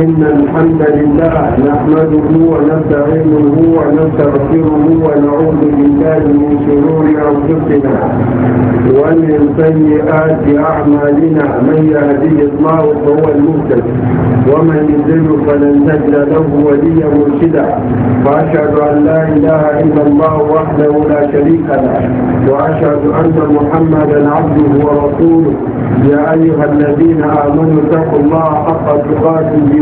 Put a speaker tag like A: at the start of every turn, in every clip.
A: إن الحمد لله نحمده ونستعينه ونستغفره ونعوذ بالله من شرور أنفسنا ومن سيئات أعمالنا من يهديه الله فهو المهتد ومن يضل
B: فلن تجد له وليا مرشدا وأشهد أن لا إله إلا الله وحده لا شريك له وأشهد أن محمدا عبده
A: ورسوله يا أيها الذين آمنوا اتقوا الله حق تقاته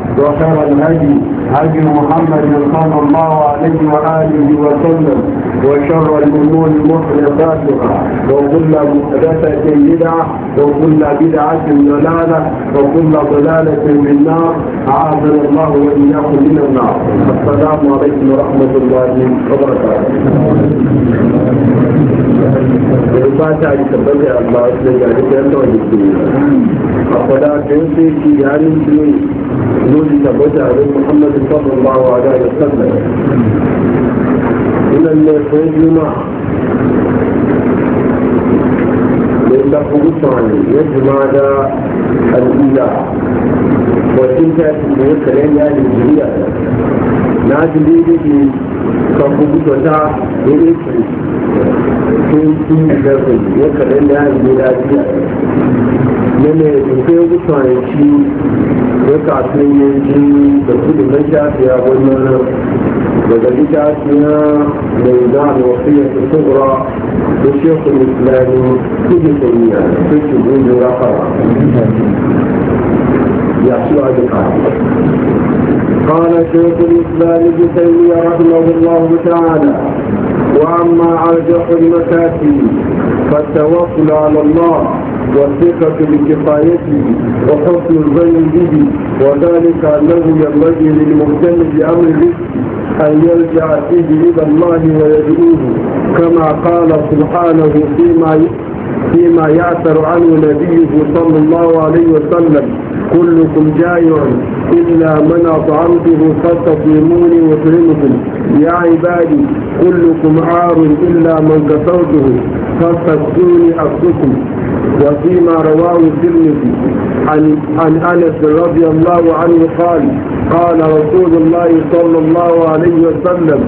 A: وخير الهدي هدي محمد صلى الله عليه وآله وسلم وشر الأمور محدثاتها وكل محدثة بدعة وكل
B: بدعة ضلالة وكل ضلالة في النار أعاذنا الله وإياكم من النار السلام عليكم ورحمة الله وبركاته.
A: Rufata a tabbata Allah قولك وجعل محمد صلى الله عليه وسلم من المسجد معه لأنه مطعن يجمع الإله وتلك الكلام يعني الجميع نعجل إليه كفوت وتع إليه كنتي لكم يكلم يعني الجميع لما يتفاوض عن sai kafin ya ji da kudin na shafiya wannan daga itaciya da za a wasiyar ta kubra da shekul islami kudin tamiya ta ce gudun rafara ya su a duka قال شيخ الاسلام ابن تيميه رحمه الله تعالى واما ارجح المكاتب فالتوكل على الله والثقة بكفايته وحسن الظن به وذلك أنه ينبغي
B: للمهتم بأمر الرزق أن يرجع فيه إلى الله ويدعوه كما قال سبحانه فيما فيما يعثر عنه نبيه صلى الله عليه وسلم كلكم جائع إلا من
A: أطعمته فاستطعموني وأطعمكم يا عبادي كلكم عار
B: إلا من كسرته فاستكسوني أخذكم وفيما رواه الترمذي عن عن انس رضي الله عنه قال قال رسول الله صلى الله عليه وسلم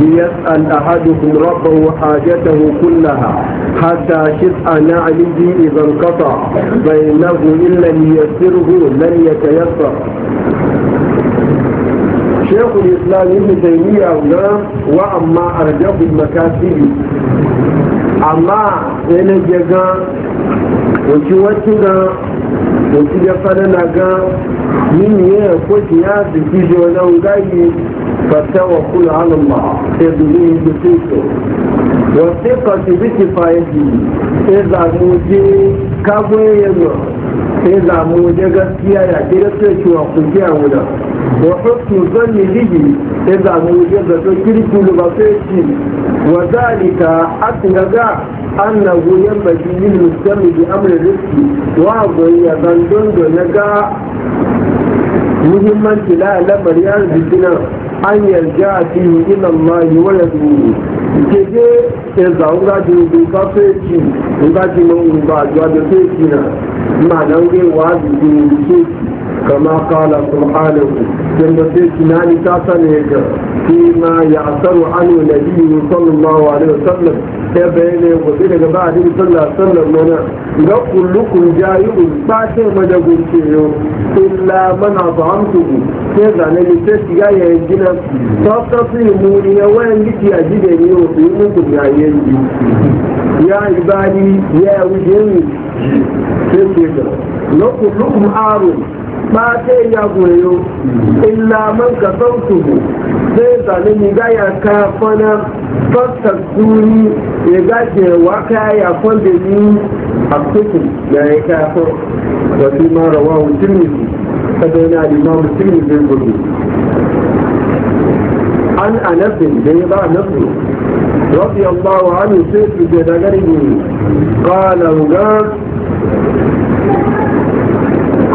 B: ليسأل أحدكم ربه حاجته كلها حتى شفع نعله إذا انقطع فإنه إن لم ييسره لن يتيسر شيخ الإسلام ابن تيمية هنا وأما أرجح المكاسب أما yana jaga wace wacce ga wace ya fara na ga yin yana kwace ya da kishi wajen gaji fata wa kula halin ma sai e domin yin da teku wasu kwace biki fayaji e sai e zamu je kagwai yanzu sai zamu waje gaskiya ya ke gaskiya cewa kujiya wuda wa hukmu zanni bihi sai zamu waje zato kirki ba sai ci wa zalika asnaga annahu yambaji min musammi bi amri rizqi wa goyya gandon do naga muhimmanci la labar ya rubutuna an yarja a fiye ila mayu wala duhu keke ɛza nga ju nga feeti nga ju ma nga ju a bɛ feeti na nga na nge waa dugu nga feeti kama kaala subhanahu jɛnba feeti naani taasa ne ka fi ma yaasaru anu nabi yi sɔnni ma waale o sɔnni. ya bayyana ya kwafi daga ba a dini sallah sallar mana ga kullukun jayi'un ba ce mada gunce yau illa mana ba hamsuku sai zane ne sai shiga ya yi gina ta tafi muni ya wayan liki a gidan yau su yi mutum ya yi ya ibadi ya wuce ni sai ce ga na kullukun arun ba ta ya goyo illa man ka sautu zai zane ni ga ya ka fana fasta suni ya gaje wa ka ya fanda ni a cikin ya ya ka fa wa fi ma rawahu tirmidhi kada yana limamu zai gudu an anabin da ya ba nasu رضي الله عنه سيف الجدغري قال وقال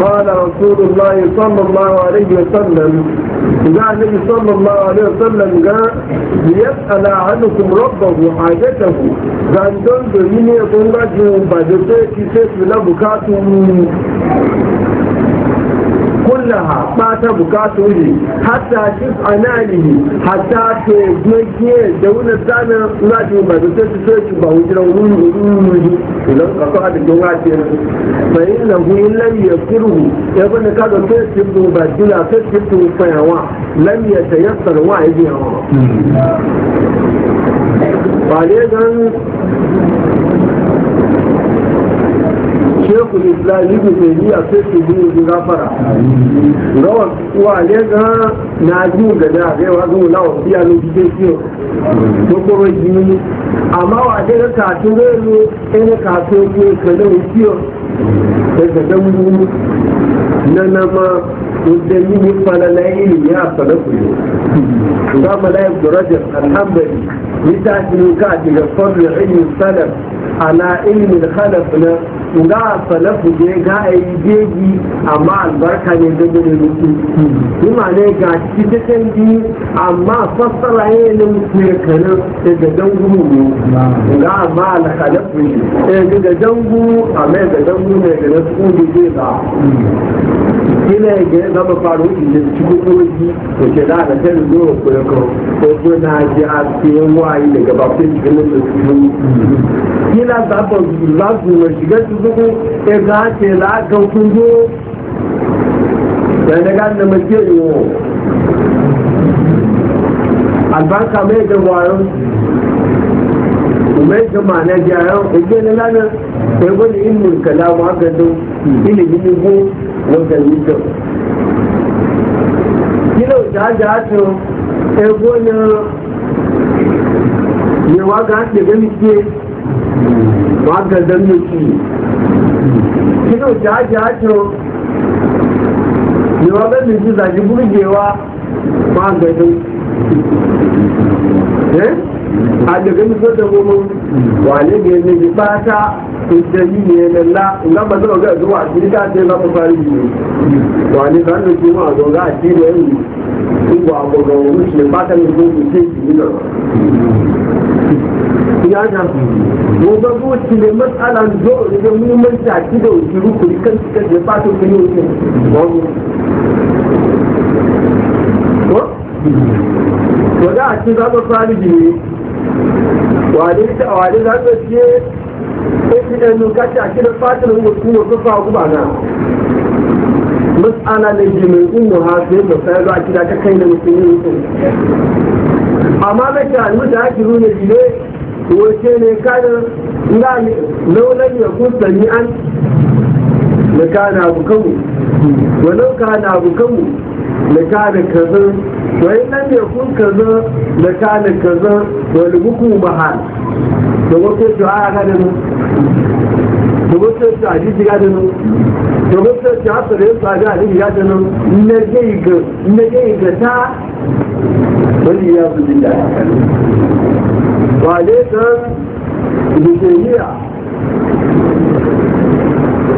B: قال رسول الله صلى الله عليه وسلم إذا النبي صلى الله عليه وسلم جاء ليسأل عنكم ربه حاجته كان دون دنيا تنجو بعد ذلك سيف لا بكاته kullaha bata bukatu ne hatta shif ananihi hatta ke magiye da wani tsanin zafi ba da sai su soki ba wujiran wuri wuri idan ka so a da kin wace fa in lahu illam ya bani ka dila شيخ الإسلام ابن تيمية سيف الدين غفرة روى وعليها ناجين غدا غير وزن لا وفي أن يجيسيو نقر الجيني أما وعليها كاتو غيرو إن كاتو غيرو كنو يسيو كنو يسيو ننما ودليل فللاي يا صدقني قام لا يبدو رجل الحنبلي لتعجل كاتب فضل علم السلف ala ilmin khalaf na ga salafu je ga a yi jeji amma albarka ne da gudun rufu kuma ne ga cikin ji amma fassara ne na mutu ya kanin daga dangu ne ga amma ala khalaf ne daga dangu a mai da dangu ne da na su ne zai ba ina ga zama faru inda cikin kogi da ke da da ta rigo ko ya ko kuma na ji a cikin wayi daga bakin cikin da su la zaɓa lagun mai shiga tuzuku e ga ce la ga kungo da daga da mace yiwo albarka mai da wayo mai da mana jayan ugbe na lana sai wani ilmin kalamu haka don ilimin ko wanda wuce kilo da da to ego na yewa ga da ga mike máa gẹ̀ẹ́dẹ́ ní oṣù yìí kí ló jẹ́ àjẹ́ àjọ ìwọ bẹ́ẹ̀ mi ti ṣàjì búrúdì wa máa gẹ̀ẹ́dẹ́ ẹ́ àjẹ̀gẹ́ mi tó tẹ̀wọ́ mọ́ wà lẹ́gbẹ̀ẹ́ ẹ̀mẹ́jì pátá ìṣẹ́ yìí ẹ̀mẹ́ ńlá ìgbàgbọ́sọ̀ ọ̀gá ẹ̀dọ́ wà sí káàkiri lápapọ̀ yìí wà ní sàánù tí wọ́n àgbọ̀ngá àti ilẹ̀ ẹ̀rù ìwà àgbọ̀ngàn òun ṣe pátá mi tó kù sí yada gobe goci ne matsala zo da kan da fatan da ne wale ta wale za ce fatan fa na matsala ne umu ha sai za kai da mutum amma ka ne wace ne kanin lani laulan ya an na kana abu kanmu walau kana abu na kana kaza wani nan ya kun kaza na kana kaza wani buku mahal da wato shi a ga da nan da wato shi a ji ga da nan da wato shi a tsare su a ga da ga da nan na gai ga na gai ga ta wani ya fi jin daɗi ba ne kan ke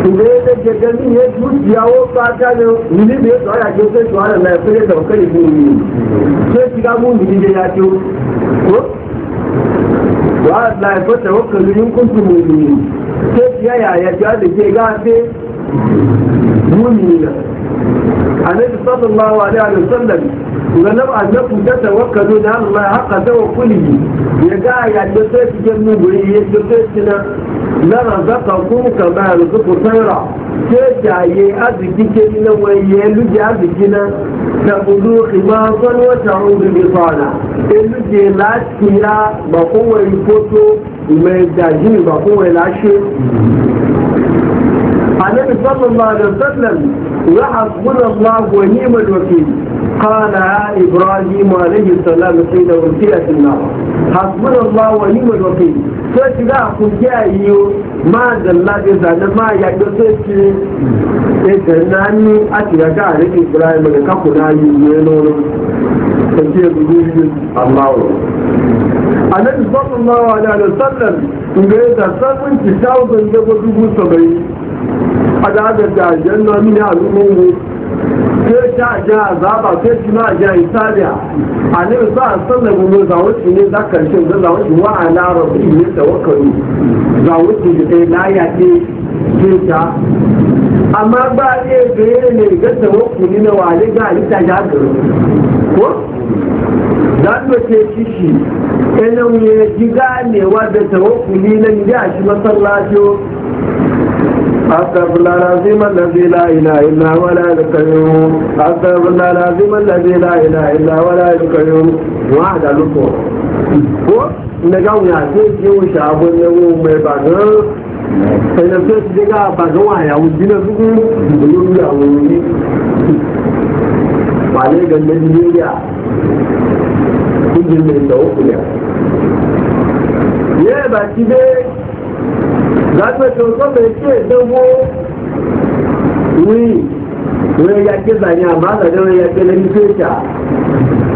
B: ìgbé ilé gẹ́gẹ́ ní ìyẹn tó di àwọn pátánù nílé ìgbé tó ayà tó fẹ́ tó ara náà fẹ́rẹ́ tó fẹ́ ìbò mi tó ti ká mú ìdílé ya tó kó wà la ẹ̀fọ́ tẹ̀wọ́ pẹ̀lú ní kó tó mú mi tó ti ayà ayà tó a lè jẹ́ ká dé mú mi nà. àlejò sọ́dọ̀ máa wà ní ga lam a zafi ta tawakka ne da Allah ya haka zawa kuli ya ga a yadda sai su gan mu guri ya ce sai su na na razaka kuka ba ya zuku kusurra ke jaye arziki ke yi na wani ya luje arziki na da kudu ma son wata hundu bi fara ya luje lafiya ba kowai foto mai daji ba kowai lashe النبي صلى الله عليه وسلم وحسبنا الله ونعم الوكيل قال إبراهيم عليه السلام حين ألقيت النار حسبنا الله ونعم الوكيل sai za a kun yi ma zalla zane ma ya ga sai ce ya tana ni a tiya ga a ibrahim da ka kuna yi ne nono dubu adájọ́ ti àjẹ́ ń lọ nínú àlúmọ́ wo tí ó ṣe àjẹ́ Italiya. A ne ti máa jẹ́ ìsáàlẹ̀ àní ìsọ́ ne za ìzàwó ti ní dákàṣẹ́ ìzàwó a wá àlárọ̀ sí ìwé ìtẹ̀wọ́kọ̀lù ìzàwó ti lè na dé tí ó ta amma ba zai gare ne ga tawakkuli na wale ga halitta ya garo ko za su ce shi shi ɗanen ya ji ganewa da ne na gida shi masallaci أستغفر الله العظيم الذي لا إله إلا هو الحي القيوم أستغفر الله العظيم الذي لا إله إلا هو الحي القيوم وعد لكم ko daga wuya ce ji wuce abun ne mu mai bagan sai na ce ji ga bagan waya wuji na zuku da yi ya wuri ne ye lágbègbè ọ̀sọ́bẹ̀ tí èdèwó wí wọ́n yẹ yàgbé bàyẹ̀ àmọ́ àgbàdo wọ́n yẹ yàgbé lẹ́nu tó ìjà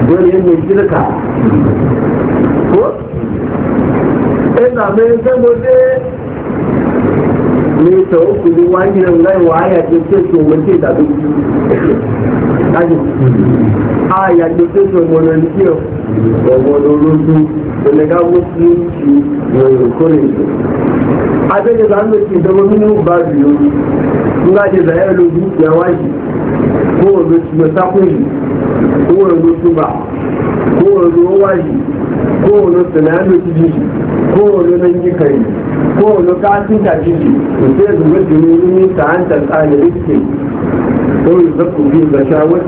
B: wọ́n yẹ ní ìjìnlẹ̀ka. ẹnà mi sẹ́mọdé mi sọ òkú ni wọ́n á yẹ lẹ́yìn wọ́n á yàgbé tó ìjọ wọ́n ti dàbí ayò ayàgbé tó ìjọ wọ́n lọ sí ọ̀wọ́ lọ́rọ́ tó ẹnìkan mú sí ìròyìn kọ́lẹ̀ abin da zan ke da ba biyu zaya lobi ya waki ko wanda su ya sakuni ko wanda su ba ko wanda ya waki ko su na su ji ko nan biyu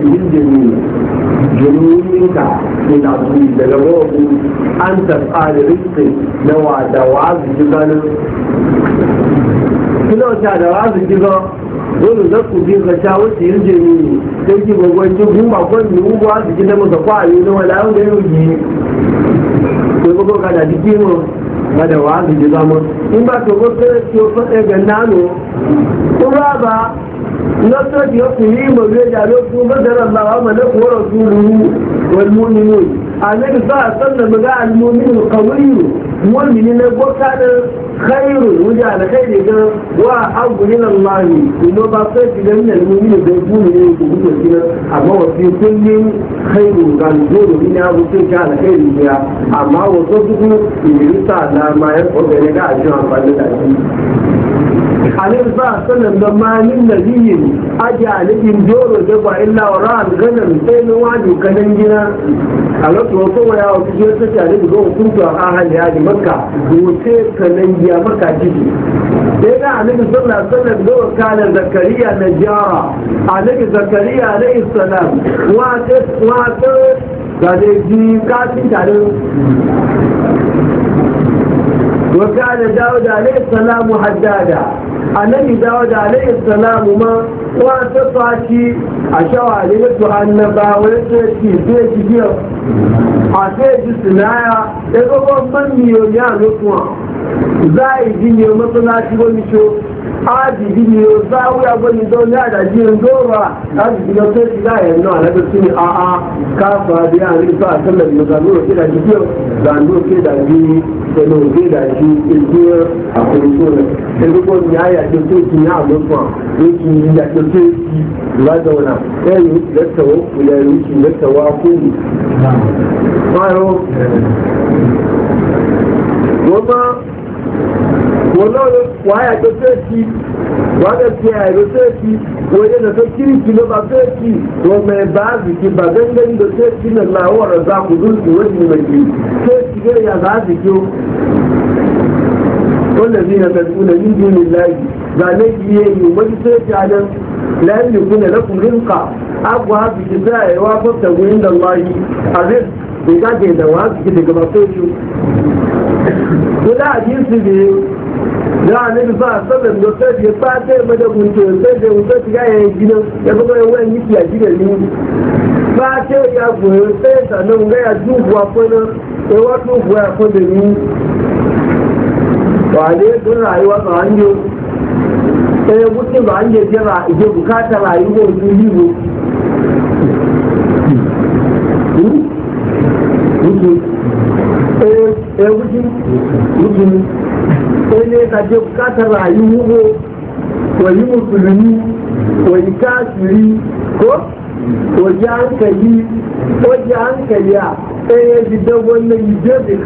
B: yin jini jini منك من عظيم لغوه أن تفعل رزق dole za ku bi ga yin jini ki ba ugu a jikin masa na wala yau da yau ji ko mu ba da in ba to ko sai ki ga nano ko ba ba ku yi mu ga da da Allah ma na والمؤمنون النبي صلى الله عليه وسلم قال المؤمن القوي مؤمن كان خير وجعل خير وحب إلى الله إنه بصير من المؤمن بيكون إليه بقوة كده أما هو في كل خير وكان يقول إن أبو سيد كان خير فيها أما هو صدقه إن يستعد ما يفعل بينك عشان أفعل عليه الصلاة والسلام لما من نبي أجعل إن دور جبع إلا وراء الغنم سين وعدي كنن جنا على توصوا يا وكيل تشارك دور كنت أهل هذه مكة وكيل كنن جنا مكة جدي إذا عليه الصلاة والسلام دور كان زكريا نجارة عليه زكريا عليه السلام واتس واتس قال يجي كاتب وكان داود عليه السلام حدادا annabi dawo da alayhi salamu ma wa ta fashi a shawari ne to annaba wani tsaki zai ji biyo a sai ji sinaya da gogon ban miyo ya kuma, za a yi jinyar matsalaci wani show ájìdí ni o sáwé agbóyindó ní àdájí ndóra ájìdí lọ tó ti láyé náà lẹ́tọ́ sí ni àá káfà bí àárín ìfọ́ àtẹ́lẹ̀ ìgbàgbọ́ òkè dàjí bí gbàndó òkè dàjí ẹnu òkè dàjí èdè àkóso rẹ̀ ko ni àyàjọ tó ti ní àlọ́fà ló ti yàjọ tó ti lọ́dọ̀ọ̀nà ẹ̀yìn ó ti lẹ́tọ̀ọ́
A: òkùnlẹ̀ ẹ̀yìn ó ti lẹ́tọ̀ọ́ akóyè.
B: wọ́n mọ wọlọ́rọ̀ wàáyà tó fẹ́ẹ̀kì wàáyà tí a ẹ̀rọ fẹ́ẹ̀kì wòye nà tó kiri kìló bá fẹ́ẹ̀kì wọ́n mẹ́ báàzì kí bàbá ń lẹ́yìn fẹ́ẹ̀kì nà máa wọ̀ rẹ̀ bá kùdú ìwé ti mẹ̀ kì fẹ́ẹ̀kì lè yà báàzì kí ó. wọ́n lè ní ẹ̀fẹ̀ fún lè ní ìdí nìláyì gbàlẹ́ yìí èyí wọ́n ti fẹ́ẹ̀kì alẹ́ lẹ́yìn ìkún ẹ̀lẹ́kùn rínkà agwa bìkì bẹ́ẹ̀ Wọ́n dá na anabi ba sallan da sai ya fata mai da gunto sai da wuta ga ya gina ya kuma ya wani yiki ya gina ni ba ce ya goyo sai da nan ga ya dubu a kwana sai wato goya kwana ni ba dai don rayuwa ba sai ba an jira bukata su sai ne ka je bukatar rayuwa wani musulmi wani kafiri ko waje hankali waje hankali a ɗaya gidan wannan yi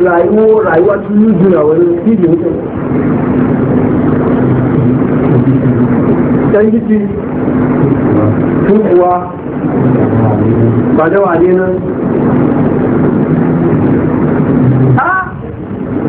B: rayuwa tun yi wani fili mutum
A: ɗan gici tun kuwa
B: ba da wane nan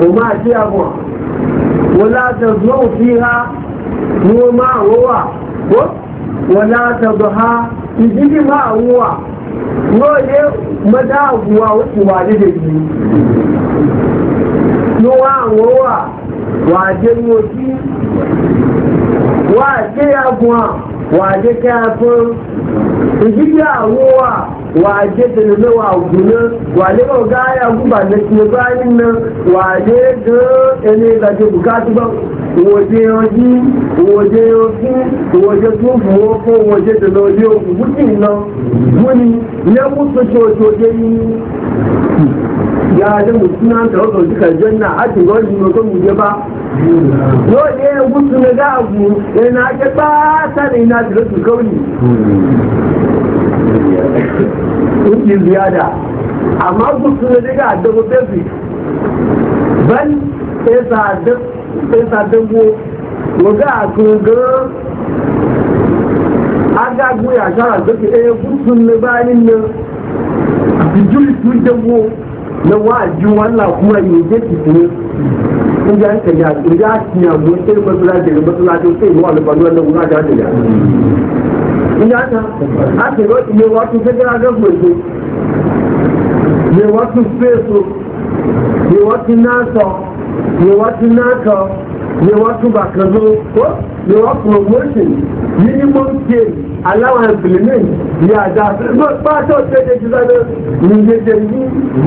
B: وما أتيهم ولا تزمو فيها هو ما هو ولا تضحى تجد ما هو lóye mọ́dá àgùwà ó ti wà lédè yìí ló Wa waje da na nawa guna wale ba ga ya guba na ke bayan nan wale ga ene ga je bukatu ba waje yoji waje yoji waje tufu ko waje da na waje yoji mutum nan muni na mutu cocoje yi ya da mutum an tawo kawai kan janna a ti gwani ma kan muje ba yau ne ya mutu na ga abu yana e ke ba ta ne na tilasu kauri kuɗi ziyada amma kuɗi na daga adabu bebi ban pesa dambo waga a kungar agagu ya shara zaki ɗaya eh, kuɗin na bayanin nan bijiri tun dambo na wa'aji wallah kuma yi ke fitini in ya ka ya ya ya mu sai masu lafiya masu lafiya sai mu alfanu wannan wuri a jajin ya nígbà náà a ti rọ ilé wa tún federal government ilé wa tún fèsò ilé wa tún náà sọ ilé wa tún náà sọ ilé wa tún bàkan ló kó ilé wa promotion minimum pay aláwọn employment ní àjà àfẹ́gbọ́ de tẹ́lẹ̀ jù lọ́dọ̀ níjẹ́ jẹ̀mí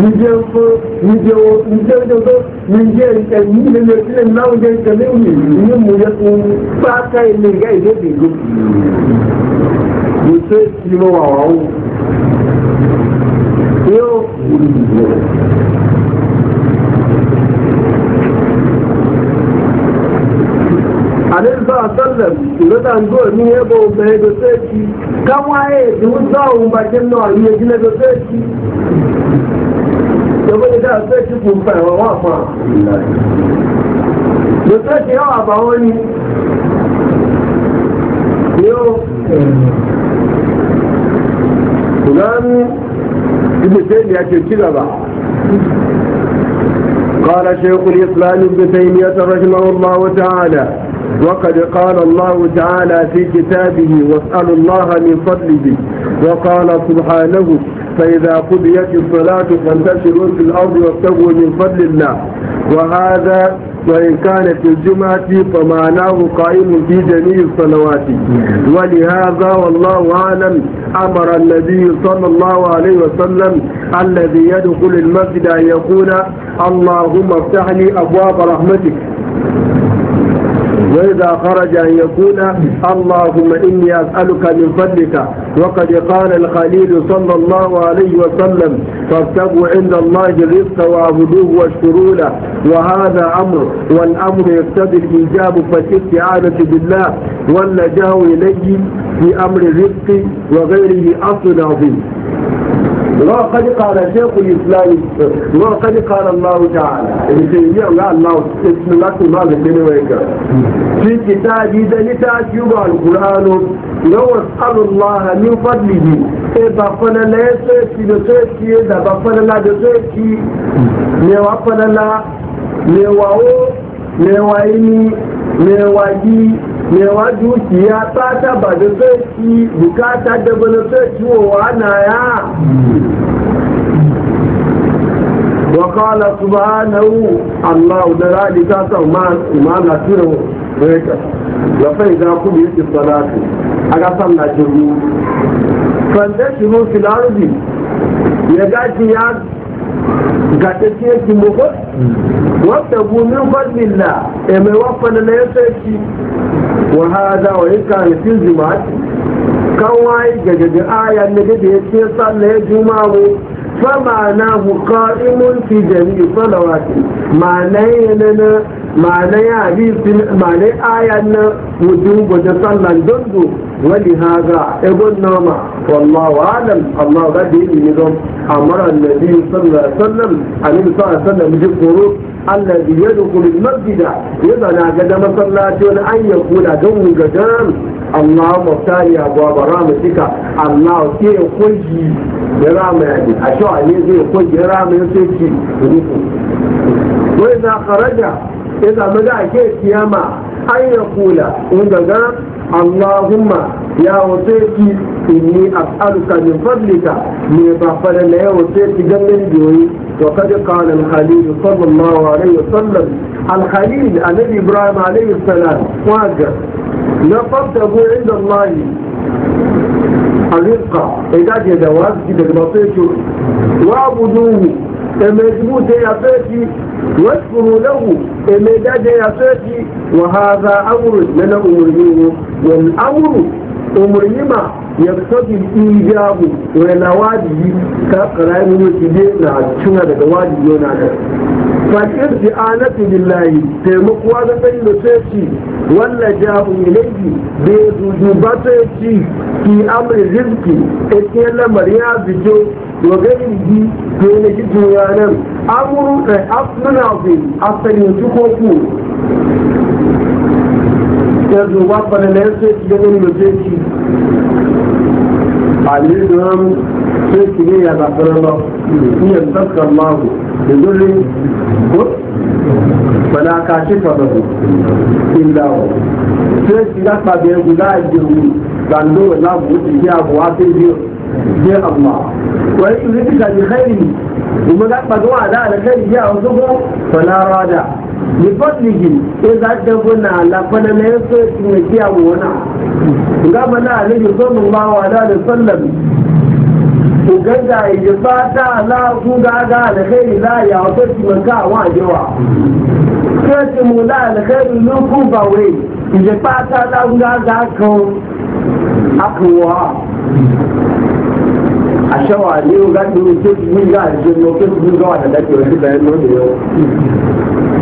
B: níjẹ́ fún níjẹ́ wo níjẹ́ òjòjò níjẹ́ ẹ̀mí nílé sílẹ̀ láwùjẹ́ ìtẹ̀lẹ́wì ní mú yẹ fún pátá
A: wòtí ìmọ̀ wà wà wò yóò wòlí ìbò.
B: Àdébísọ̀ àtọ́lẹ̀ ìrọ́dà ń gbọ́ ní ẹbọ obìnrin tó tẹ́ ti káwọn ayé ìdíwúsọ òun bàjẹ́ náà ní ojúlẹ̀ tó tẹ́ ti. Ìjọba ìdá àti ẹ̀kí kò ń fa ẹ̀wọ̀n wà fún àwọn. Lọ́sẹ̀ kí ọ̀ àbáwọ́ ni. Yóò فلان ابن تيمية كذا بقى قال شيخ الإسلام ابن تيمية رحمه الله تعالى وقد قال الله تعالى في كتابه واسألوا الله من فضله وقال سبحانه فإذا قضيت الصلاة فانتشروا في الأرض وابتغوا من فضل الله وهذا وإن كانت الجمعة فمعناه قائم في جميع الصلوات ولهذا والله أعلم أمر النبي صلى الله عليه وسلم الذي يدخل المسجد أن يقول اللهم افتح لي أبواب رحمتك وإذا خرج أن يقول اللهم إني أسألك من فضلك وقد قال الخليل صلى الله عليه وسلم فارتبوا عند الله الرزق واعبدوه واشكروا له وهذا أمر والأمر يقتضي الإيجاب عادة بالله واللجاء إليه في أمر الرزق وغيره أصل عظيم وقد قال شيخ الإسلام وقد قال الله تعالى إن سيدي الله الله اسم الله ما بين ويك في كتاب إذا لتأتيب القرآن لو أسأل الله من فضله إذا فنا لا يسوي بسوي إذا فنا لا يسوي نوا فنا لا نواو نوايني نواجي yawa dukiya ta taba da sarki bukata da bana sarki wa na ya وقال سبحانه الله ذلك ما ما نسيره ذلك وفإذا قضيت الصلاة أنا صلى جميع فانتشروا في الأرض يجاتي gatacce ki mugu wata gumin fadlilla e mai wafana na ya sarki wa hada wa yi kanifin jima'a kan waye ga ayan na gaga ya ce sallah juma'a فمعناه قائم في جميع صلواته معناه لنا معناه حديث معناه آية وجوب وتصلى الجند ولهذا ابن نوما والله أعلم الله غدي يلي أمر النبي صلى الله عليه وسلم عليه الصلاة والسلام عليه وسلم الذي يدخل المسجد يضنا قد مصلاتي أن يقول دون جدان اللهم افتحي أبواب رحمتك الله كي يخجي برحمة أشوع يزي يخرج رحمة يسكي وإذا خرج إذا مدع كي يما أن يقول جدان اللهم يا وسيكي إني أسألك من فضلك من غفر لي وسيت جمل الجوي وقد قال الخليل صلى الله عليه وسلم الخليل النبي إبراهيم عليه السلام واجه أبو عند الله الرزق إذا جد واسجد المطيش وعبدوه المجبوط يعطيك واشكروا له المداد يعطيك وهذا أمر لنا أمره والأمر umarni ya sabi ijabu wai na wajibi ka karami ne ki je na cina daga wajibi yana da fakir bi anati billahi taimakuwa da sai da sai ci walla ja'u ilayhi bi zujuba sai ci ki amri rizqi ake lamar ya zuke wa gairihi to ne ki duniya nan amru da afnuna bi asalin tukoku ya zo ba fara na da zai ci ali don sai
A: ki ne ya zafi ba iya mahu da zurri ko
B: bana kashi fa ba illa sai ki ga ba da guda a jirgi dan do na buɗi ya buwa sai biyo sai Allah wa yi rika bi khairi kuma ga ba zuwa da alkhairi ya wasu ko fala rada lifadlihim e za ta guna lafana na ya so shi mai kiya wana ga mana alibi sallallahu da wasallam ku ganga ya fata la ku ga ga alkhairi la ya wata shi man ka wa jawa mu la alkhairi lu ku ba wai ya fata la ku ga ga ko akwa a shawa ne ga duru ke mun ga aljanna ke mun ga wanda take wani bayan nan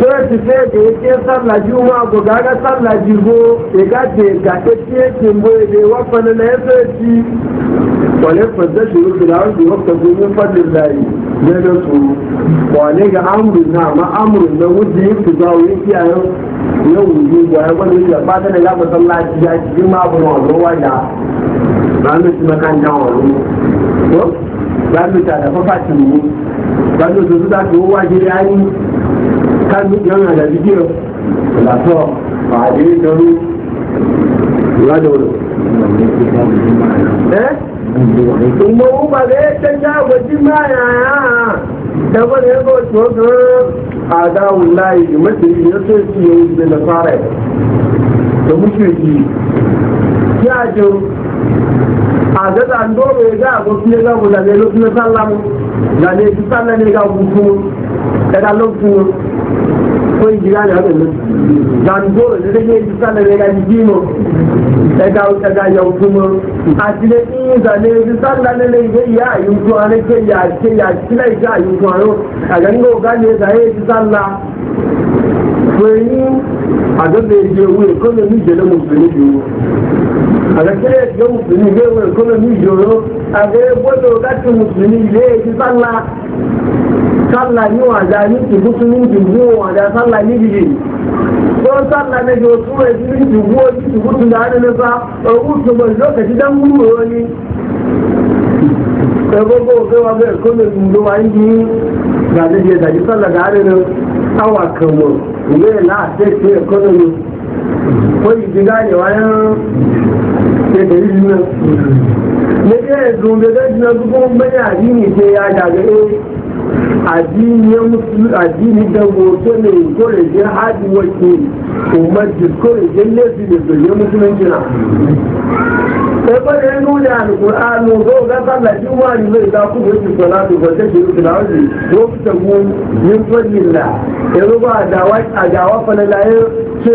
B: de fẹ́ èké sálàjì wọn àgùgà ká sálàjì bó ìgájì gàtẹ́ tí é ti mbó èdè wọ́n fẹ́ni náà ẹ̀fẹ́ ti wọlé fẹ̀sẹ̀ ṣòro fìlà ó sì wọ́n fẹ̀sẹ̀ ní fẹ́lẹ̀ láyé lẹ́nu sòrò wọlé ga amúrù náà má amúrù náà wọ́n ti yí tùgbà wọ́n ti àyọ̀ yóò wù yí wọ́n ẹ̀kọ́ ní ìjọba bá tẹ́lẹ̀ lábọ̀ sálàjì yá ti má bọ̀ wọn ló wá yá báńdó ti mẹ́ka ń já wọn lọ́wọ́ báńdó ti àdàfọ́ fàtìmù báńdó tó tó dá kánú yọ̀nà àdàbí bí o ìlàtọ̀ àdé dọ́rú ìwádọ̀ọ̀lọ̀. Ìmọ̀ owó pàdé tẹ́já àwòjí máa yà á. Tẹ́gbọ́n ní ẹgbẹ́ òtún ọ̀gán àdáhùn láì ìmọ̀tẹ̀ ìyẹn tó ti yẹ ìgbẹ́lẹ̀ fárẹ̀. Tòmúṣù yìí. Kí àjò àjọ́ta ń dóòrò ẹgbẹ́ àgbò sí ẹgbẹ́ òkúta ní ẹlòpínlẹ̀ sálámù. Ìgbà ní ètùtà lẹ́nu ẹgbẹ́ òkú fún akwai gida da haka nan dan do da take yi sallah ne ga jimo da ga ta ga yau a cikin in da ne yi sallah ne ne ya yi to an ke ya ke ya kila ya yi to an a ga ngo ga ne yi sallah ko ni a ga da je wuya ko ne ni da musulmi àlẹ́kẹ́ ẹgbẹ́ mùsùlùmí ilé ìwé ìkọ́lọ́mì ìṣòro àgbẹ̀ gbọ́dọ̀ láti mùsùlùmí ilé èdè sálà sálà ní wàdà ní ìbùsùn ní ìdìbò wàdà sálà ní ìdìbò ko sallah ne jo su ya ji ji wo ji ji gudu da hannun nasa a gudu mai lokaci dan gudu wani da gogo ko wa ga ko wa yi ga da je da ji sallah da hannun awa kan mu ne la ko ji ganewa yan yadda yi nan ne ɗaya zumbe zai na zuko mai addini ce ya daga e eh, addini ya musu addini da goto ne ko da je hadi wake umar ko da je lefi da zai ya musulunci na sai ba da yanzu da alƙur'anu zo ga sallah juma'a ne zai ga kuma yake salatu ba ta shiru da wani lokacin mu yin fadlilla yanzu ba a dawa falalaye ce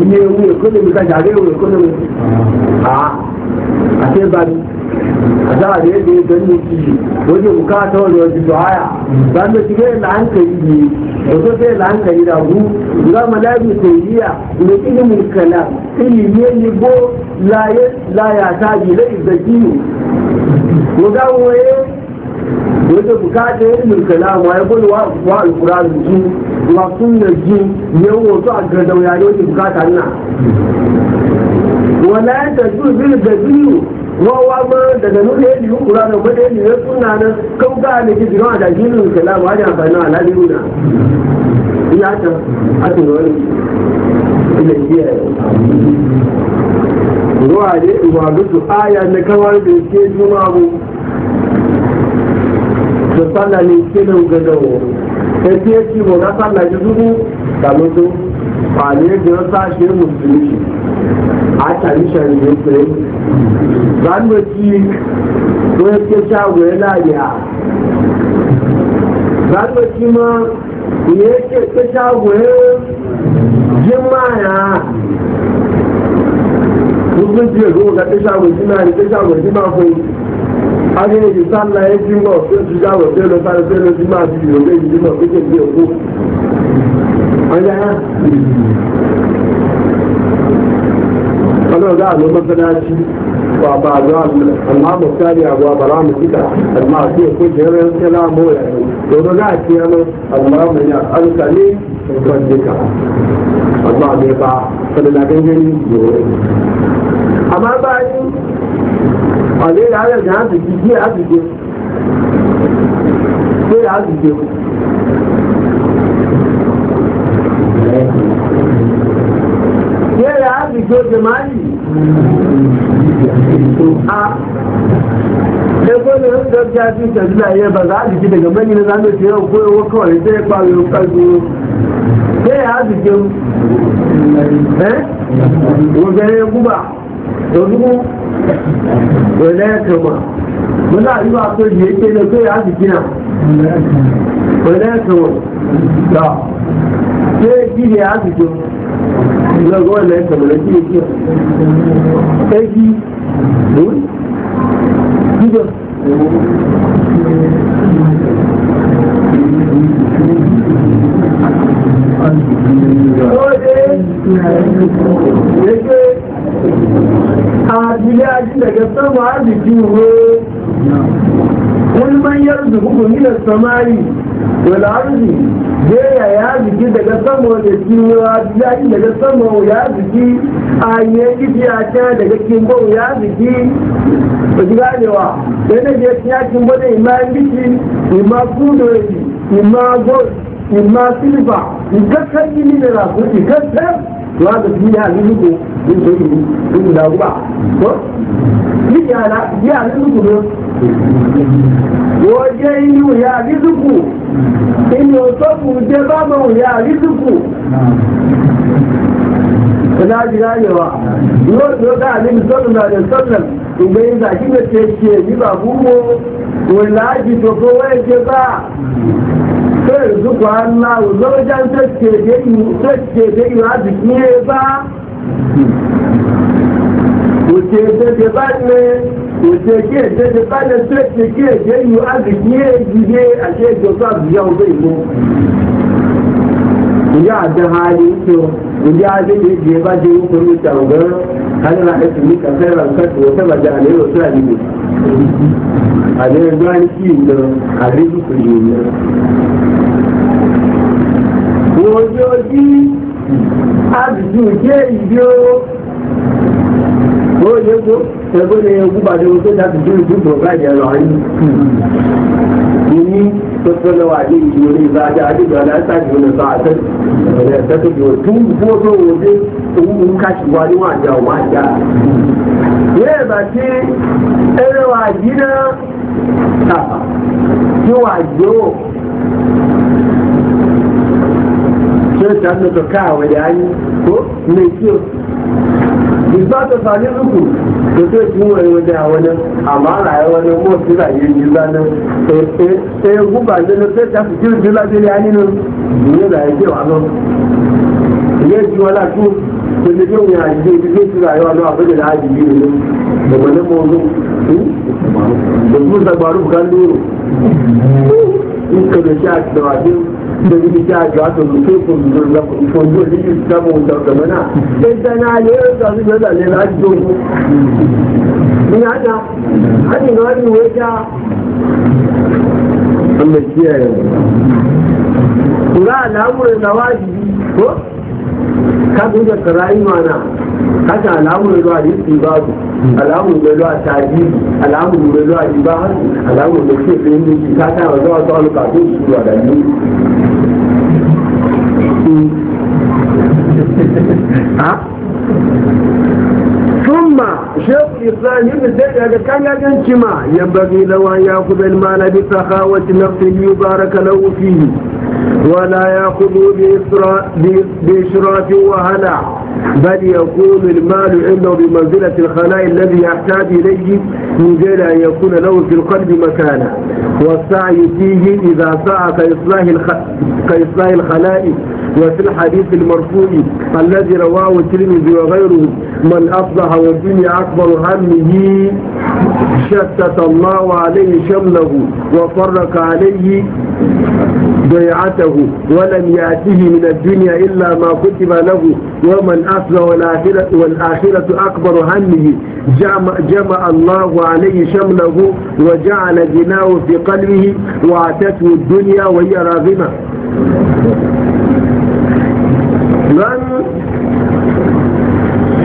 B: ilé ewu èkóle mi kájà àdé ewu èkóle mi àá àti ìbàdí àtàwọn àdé èdè ìtọ́ ní ti lójú òkúká àtọ́wọ́ lọ ti tọ́ àyà gbàgbé ti gé là ń kè yìí òtó fẹ́ là ń kè rà wú nga mọ̀lẹ́bí kò yí à ní kíni mi kẹlà kíni mi ní bó láyé láyà mo yé. wanda bukatar ilmin kalama ya gudu wa alkur'an ji wa sunna ji yau wasu a ya yi bukata na wala ya tafi bil gaziyu wawa ma daga nuna yadda yi kura da kwata yadda ya suna nan kan ga da ke jiran a dajinin kalama wajen amfani a laliyu na ya ta a tun wani ilin biya ruwa ne ruwa dutu aya na kawar da ke juma da sallah ne ke da gada wo sai ke ci mo na sallah du du? da lodo ba ne da sa shi
A: musulmi a ta ni shari ne sai ran da ci
B: ko ke sha go e la ya ran da ma ye ke ke sha go jimaya Gbogbo ti ẹ̀rọ ọ̀gá tẹ́sà wòjì náà ni tẹ́sà wòjì máa fún agbẹ́nìkì sáńlá ẹ ti mọ̀ tó ti dáwọ̀ tó lọ sáré tó lọ sí máa fi ìròlé yìí mọ̀ pé kéde òkú. ọjà ọlọ́run dáa ló mọ́sálásí wà bá a lọ́wọ́ àmọ́ àmọ́ sáré àwọn àbàrà àmọ́ kíkà àmọ́ àti èkó jẹ́rẹ́ ńlá àmọ́ rẹ̀ lọ́dọ̀ náà ti ẹ lọ àmọ́ àmọ́ yà alùpà ní ìgbàdìkà àmọ́ àmì ẹ̀fà sọ̀rọ̀ làgẹ́gẹ́ ní ìgbòho. àmọ́ báyìí ọ̀lẹ́ ìlànà ìdáná ti di díẹ̀ láti dé díẹ̀ láti dé. díẹ̀ láti dé jẹ̀máyì. a ẹgbẹ́ ní ọjọ́ bí a ti ń tẹ̀sí láyé a, láti dé dẹ̀gbẹ́ mẹ́ni ní sáńdé tí ó kó owó kọ̀ ẹ̀ tẹ́ pariwo pariwo. díẹ̀ láti dé. ẹ wọ́n gẹ̀rẹ́ kúbà lọ́dún. da na kama muna yi ba so da yake da so ya jiki na da
A: Ya. kama da ki ne ya jiki na gowar
B: na yaka mana ki da ki sai ki ki da bilaji daga sama arziki ho kun man yarzu kuku samari wal arzi je ya ziki daga sama da kiwa bilaji daga sama ya ziki a yi kiti a can daga kimbo ya ziki ba ji ganewa sai na je ya kimbo da iman biki iman kudo iman gold iman silva ikakar gini da rasu ikakar wọ́n ti fi yára nínúkù nítorí nínú ìdàgbà tó yíyára yára nínúkù ló wọ́n jẹ́ inú yára nínúkù inú ọ̀tọ́kù jẹ́ bábọ̀ yára nínúkù ina ji ganewa yau da ga alim sallallahu alaihi wasallam inda yin zaki da ce ce yi ba gumo wala ji to ko waye ce ba sai zuwa Allah zaujan sake da yi sake da yi a jiki ba òtè ìdẹ́gbẹ́ bá lé òtè kí ìdẹ́gbẹ́ bá lé tó ètè kí èdè yìí àgbègbè yé ìdílé àti ìjọba àbúyá ọgbẹ́ ìmọ̀. ìyá àdáhà ayé ń tó ìyá àdéhùn ìdí ẹ bá dé orúkọ ní ìtàn ọ̀gá kájọ́ra ẹ̀sìn
A: àdéhùn àìsí ìlọ àdéhùn kò lè lọ.
B: wọ́n yóò jẹ́ ìdí owó. wọ́n kó ẹgbẹ́ ní ẹgbẹ́ bàdé wọn tó dàbí jẹ́ ayé. sọ́sọ́nà wà ní ìlú orí ìbájá àdìgbà látàkì ọ̀nà bá àtẹ́tẹ̀kì ọ̀tún fọ́tọ̀ òde owó káṣí wa níwọ̀n àjà ọ̀wọ́ àjà. yẹ́ẹ̀ bá tí ẹrẹ wà yí náà tàbá tí wà yó ṣé ìtàn tó káàwé yá yín kó lè ṣe ìgbà tó fà ní to sai kun wani waje a wani amma rayuwa wani mu su da yi zanen sai guba sai ta fi ne da ya ke wano ya ji wala ku to da yau ya ji da zai su rayuwa da abin da ya ji yi nan da wani
A: mazu da kuma da kan duro in ka shi a da wajen
B: da ni ta ga to mu ko kun dur la ko ta mu da mana sai da na le da ni da le na ni na da ani no ni we ja Allah kiyaye mu da wajibi ko? Ka duka karayi mana haka alamun da zuwa yin babu alamun da zuwa taji alamun da zuwa ibahar alamun da ke tsayin da shi ta kama zuwa zuwa lokacin su zuwa da yi ثم شيخ الإسلام ابن تيمية كان يجنش ما ينبغي له أن يأخذ المال بسخاوة نفس يبارك له فيه ولا يأخذه بإشراف وهلع بل يكون المال عنده بمنزلة الخلاء الذي يحتاج إليه من غير أن يكون له في القلب مكانة والسعي فيه إذا سعى كإصلاح, كإصلاح الخلاء وفي الحديث المرفوع الذي رواه الترمذي وغيره من أصلح والدنيا أكبر همه شتت الله عليه شمله وفرق عليه ضيعته ولم يأته من الدنيا إلا ما كتب له يوم أصل والآخرة, والآخرة أكبر همه جمع, جمع الله عليه شمله وجعل جناه في قلبه وأتته الدنيا وهي راغمة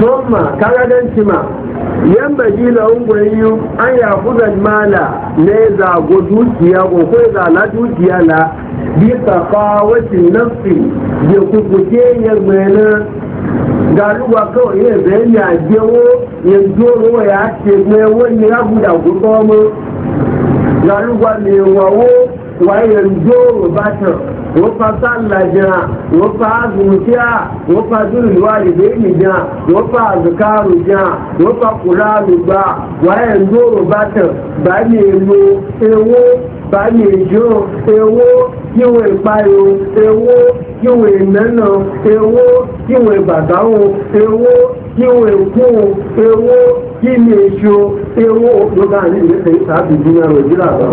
B: ثم كان yan ينبغي لهم ungwayi an ya kuzan mala ne وخذ على dukiya لا bisa kawacin nafsi da kukuke ya mena garuwa kawai ya zai ya jewo ya zoro ya ce mai wani ya guda gudu mu garuwa mai wawo wayan zoro ba ta wofa sallah jira wofa zuciya wofa zurluwa da bai ni jira wofa zukaru jira wofa kuraru ba wayan zoro ba ta ba ne lo ewo ba ne jo ewo yíwọ̀n ìpayò ewó yíwọ̀n ìnẹ́nà ewó yíwọ̀n ìbàdáwò ewó yíwọ̀n ìkú ewó yíni èso ewó lọ́gbà ní ìrẹsẹ̀ ìtàbí dínárì òjìlá lọ.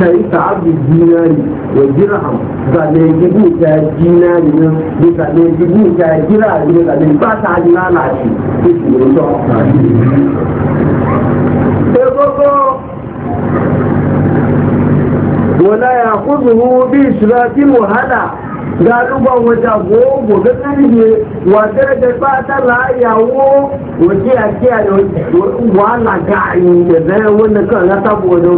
B: Sai sa'adu dinari wa dirham zane dubu ta dinari nan da zane dubu ta dirham da zane ba ta lalace ko shi ne ولا ya بإثبات bi قالوا wahala ga duba wata gogo ga karfe wata da ba ta layawo wace a كان da wahala ga ayi da zai wanda kan na tabo da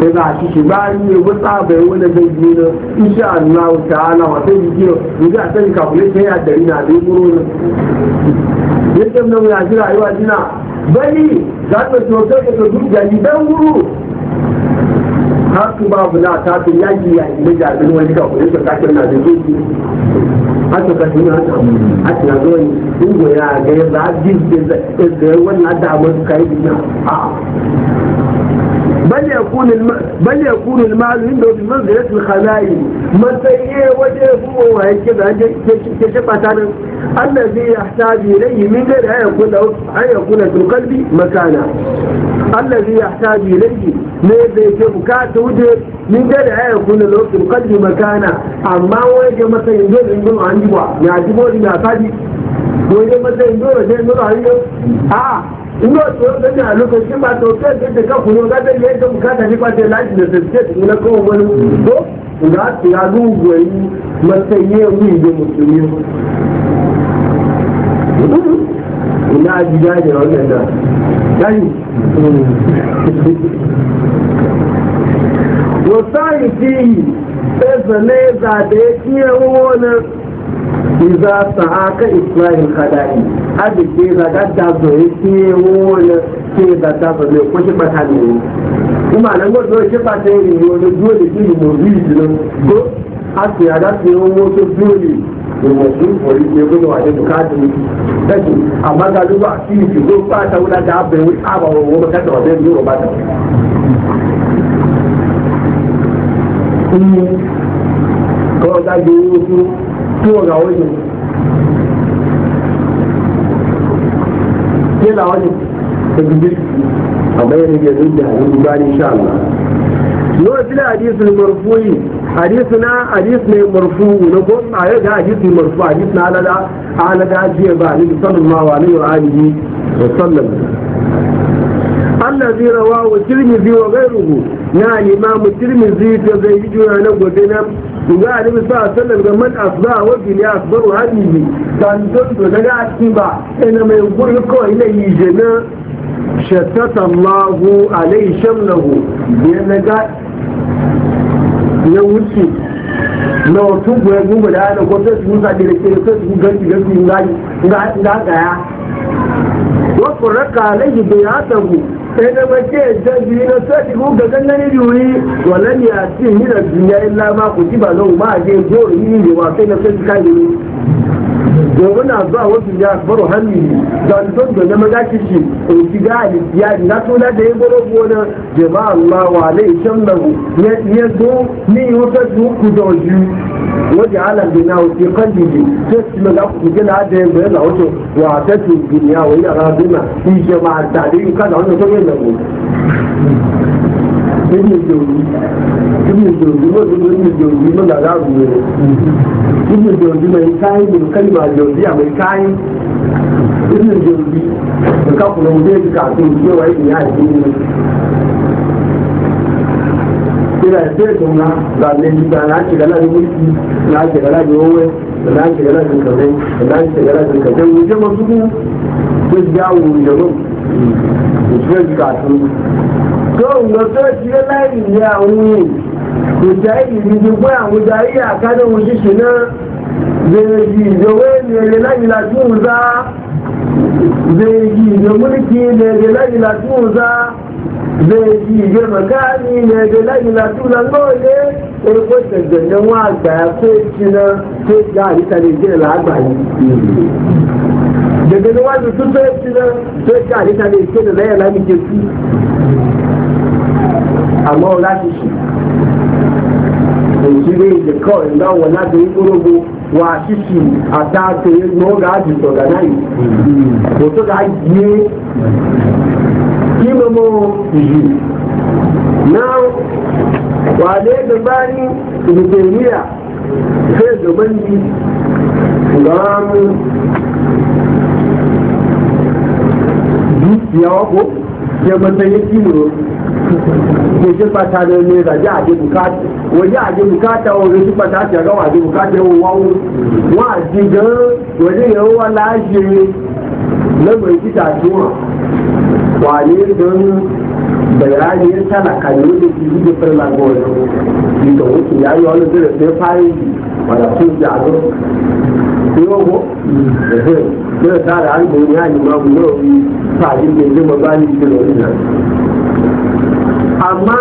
B: da za shi shi ba ni ne wata bai wanda zai yi na insha Allah ta'ala wata jiki ne ga san ka rayuwa dina bani har ba babu na ta fi yaki ya yi da jami'in wani kawo kudin sun kakin na da jeji har su kasu na ta a tana zo dungo ya ga yadda a jin da ya na damar su kayi biya a بل يكون الم... بل يكون المال عنده بمنزلة الخزائن من سيئه وجهه وهكذا كشفتنا الذي يحتاج إليه من غير أن يكون له أن يكون في القلب مكانا الذي يحتاج إليه ماذا يبكات وجه من غير أن يكون له في القلب مكانا أما وجه مثلا يقول عنده عندي يعجبه لما تجي وجه مثلا يقول عنده آه inú ọ̀tún ọ̀tún ní àlùkò sí ba tó ẹ̀jẹ̀ tẹ̀ka fún un lábẹ́ ilé ẹjọ́ bùkátà nípa tẹ̀ láti lè fèsì tẹ̀ tìmúlẹ̀ kọ́ wọn ní tó ìgbà tí agbóhùn ẹ̀yí mọ̀tẹ́ yé ewu ìdè mùsùlùmí. ìná àjíjá ìjọba ọ̀gẹ̀dà láyé. wọ́n sáyì sí ẹ̀sán ní ẹ̀sán àtẹ̀yẹ́ tí ẹ̀ wọ́n إذا سعاك إسرائيل خدائي هذه كيزة قد تعطي كيون كيزة تعطي كيش بطاني وما نقول لو كيش بطاني ونجول كيش مريد àti àdáṣe owó tó dúró lè ìwọ̀n fún ìfọ̀rí pé gbọ́dọ̀ àdéhùn káàdì lẹ́sìn àmọ́gàdúrà àti ìṣòro pàtàkì láti àbẹ̀wé àbàwọ̀ owó kẹta ọ̀dẹ́ ní ọ̀rọ̀ bàtà.
A: kọ́ ọ̀gá ju yi fún tuwo ga waje yana waje
B: da gidi a bayan da yanzu da hannun bani insha Allah lokacin hadisul marfu'i hadisuna hadis ne marfu na ko a yau da hadisi marfu hadis na alada alada jiya ba ni sallallahu ma wa alihi wa sallam wa ghayruhu na al-imam tirmidhi da zai yi juna na gobe na ga alibi sa sallar ga man asba wa bil ya asbaru hadihi dan don do daga aski ba ina mai gurin kawai na yi jina shattata Allahu alai shamlahu ya daga ya wuce na wasu goye gungu da ana gwamnati su musa da ke da su ganci ganci ga ga ya wasu raka alaihi bayatahu sai da mace jabi na sai ku ga ganin yuri walan ya ci ni duniya illa ma ku ji ba zan ma je gori ni ne wa sai na sai kai gobe na zuwa wasu ya baro hannu ne zanton da na magaki shi in shiga alifiyari na tona da ya gwaro gona jama'a Allah wa alai shan lahu ya zo ni wata duku da wajen waje ala da na wuce kan jiji sai su maga ku gina da ya gwaro na wato wa ta tun duniya wani a rabina in jama'a da da yi kada wani kwaye na gobe ibi ìjòyí ibi ìjòyí mo ti ibi ìjòyí mo nà láàrú rẹ ibi ìjòyí mo ní káyé mo kẹ́lí ma jòyí àmì káyé ibi ìjòyí nǹkan kùnà mo dé ibi kàtó ìjọ wa ìyá ìdí mi. Ina ìfẹ́ ìtòmá làlẹ́ nígbà láti gàlá ní wíìkì láti gàlá ní owó láti gàlá ní kàdé láti gàlá ní kàdé wọ́n jẹ́ mọ́ tuntun tó jáwó ìjọba. ìṣe ìgbàtú. tó ǹgbọ́n tó ṣe láì ní àwọn yìí ìjà a ti pé àwọn ìjà yìí àkádé wọn daga na wani sun sai su na sai ka ne ne ke da zai lami ke su amma wala shi shi in shi ne da kawai na wala da yi gurugu wa shi shi a ta ta yi noga aji to ga nai ko to ga ajiye kima mo yi wale da bani da teniya sai da bandi ga yawa ko ya manta ya kimuro ke shi fata ne ne da ya aje bukata wa ya aje bukata wa shi fata ta ga wa aje bukata wa wawo wa aje ga wa ne ya wa laje na mai kita tuwa wa ne don bayani ya tana kayo da shi da farla goyo ni to wuce ya yi wani da sai fayi wala sun ja ga ko ko ló ta rà ń gbòòrò yá ìmọ̀ ọ̀hún náà wí fàájì ní ilé mọ̀ bá ní ìṣòro ìlà. àmọ́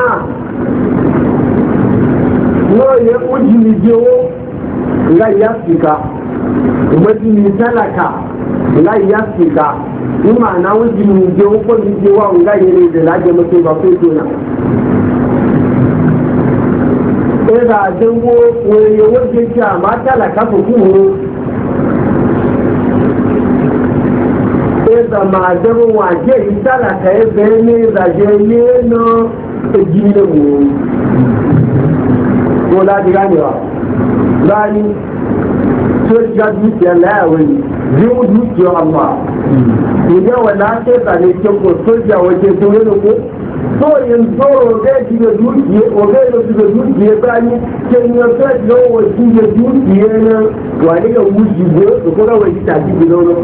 B: wọ́n yẹ kó jí mi di owó ńlá ìyá sìkà ìwé jí mi sálàkà ńlá ìyá sìkà ìmọ̀ àná wọ́n jí mi di owó kó mi di owó sàmàdéwò wọn yi yìí sálàkà ẹgbẹ́ ní ìdàjẹ́ yé ná èjì lè wò ó. Wọ́n láti rá nìyà. Báyìí tí ó já dúkìá láàrin yóò dúkìá ọmọ. Ìjọ wọn láti sàlẹ̀ tó kò sójà ọjọ́ tó lé lóko. Tó yẹn dóró ọgá ìdíje dúkìá ọgá ìdíje dúkìá báyìí tí ènìyàn fẹ́ lọ́wọ́ ìdíje dúkìá náà wà nígbà wújì gbé òkúta wọ̀ ìdíje lọ́wọ́.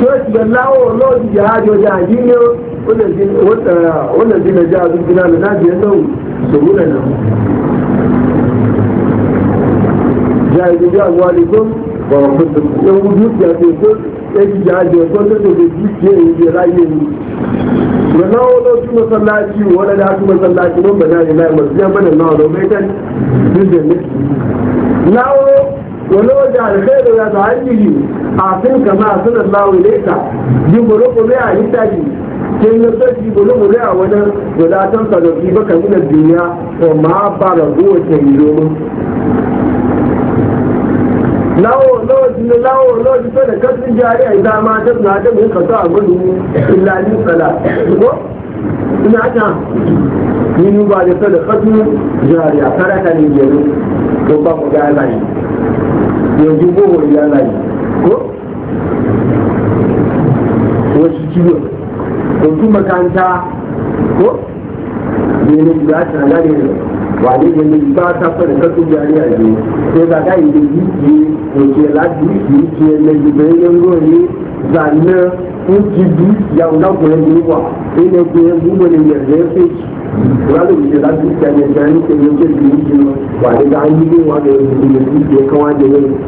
B: ajiye ó ti láwọ̀ lọ́ọ̀dì ìyájọ́ ìyá yìí ni ó lè dín ẹja àdúgbò náà láti ẹ̀ náà sòwò rẹ̀ náà. ìjà ìdíjọ́ àwọn àdìgbò ọ̀rọ̀ pẹ̀lú ewu dúkìá tó tó ẹ̀jìjà àjọ ẹ̀kọ́ tó tó lè jí sí èyí di láyé mi. Gbẹ̀nà olóòtú mọ́sálásí wọ́n lẹ́dá tó mọ́sálásí ló bẹ̀rẹ̀ àyè láì mọ̀ sí ẹgbẹ́ náà lọ́wọ́ lọ́wọ́ mẹ́tẹ́ni ní ìdẹ̀mí. Láwọ́ ولو جاء الخير يتعجل أعطيك كما أصل الله إليك جبرك بها يتعجل كن نصر جبرك بها ولا ولا تنسى نصيبك من الدنيا وما بلغوا شيئا lawo lawo jini lawo lawo jini da kasin jari a idan ma ta na ta mai kasu a gudu illa ni sala ko ina ta ni ba da sadaqatu jariya karaka ne yaro ko ba mu ga yanzu gowa ya layi ko wasu ciwo ɗauki makaranta ko mene guda ta gane wale ne ne ba ta fara kasu jari a je sai ga ga yi yi ko ke la du ke ne yi bai yan go zanna ko ki ya na ko ne ko ne ko ne ne ya ne ranar da za su iska ne yi yanke yanke da yanke ba da an yi yin wani yanzu da yi ke kawa da yin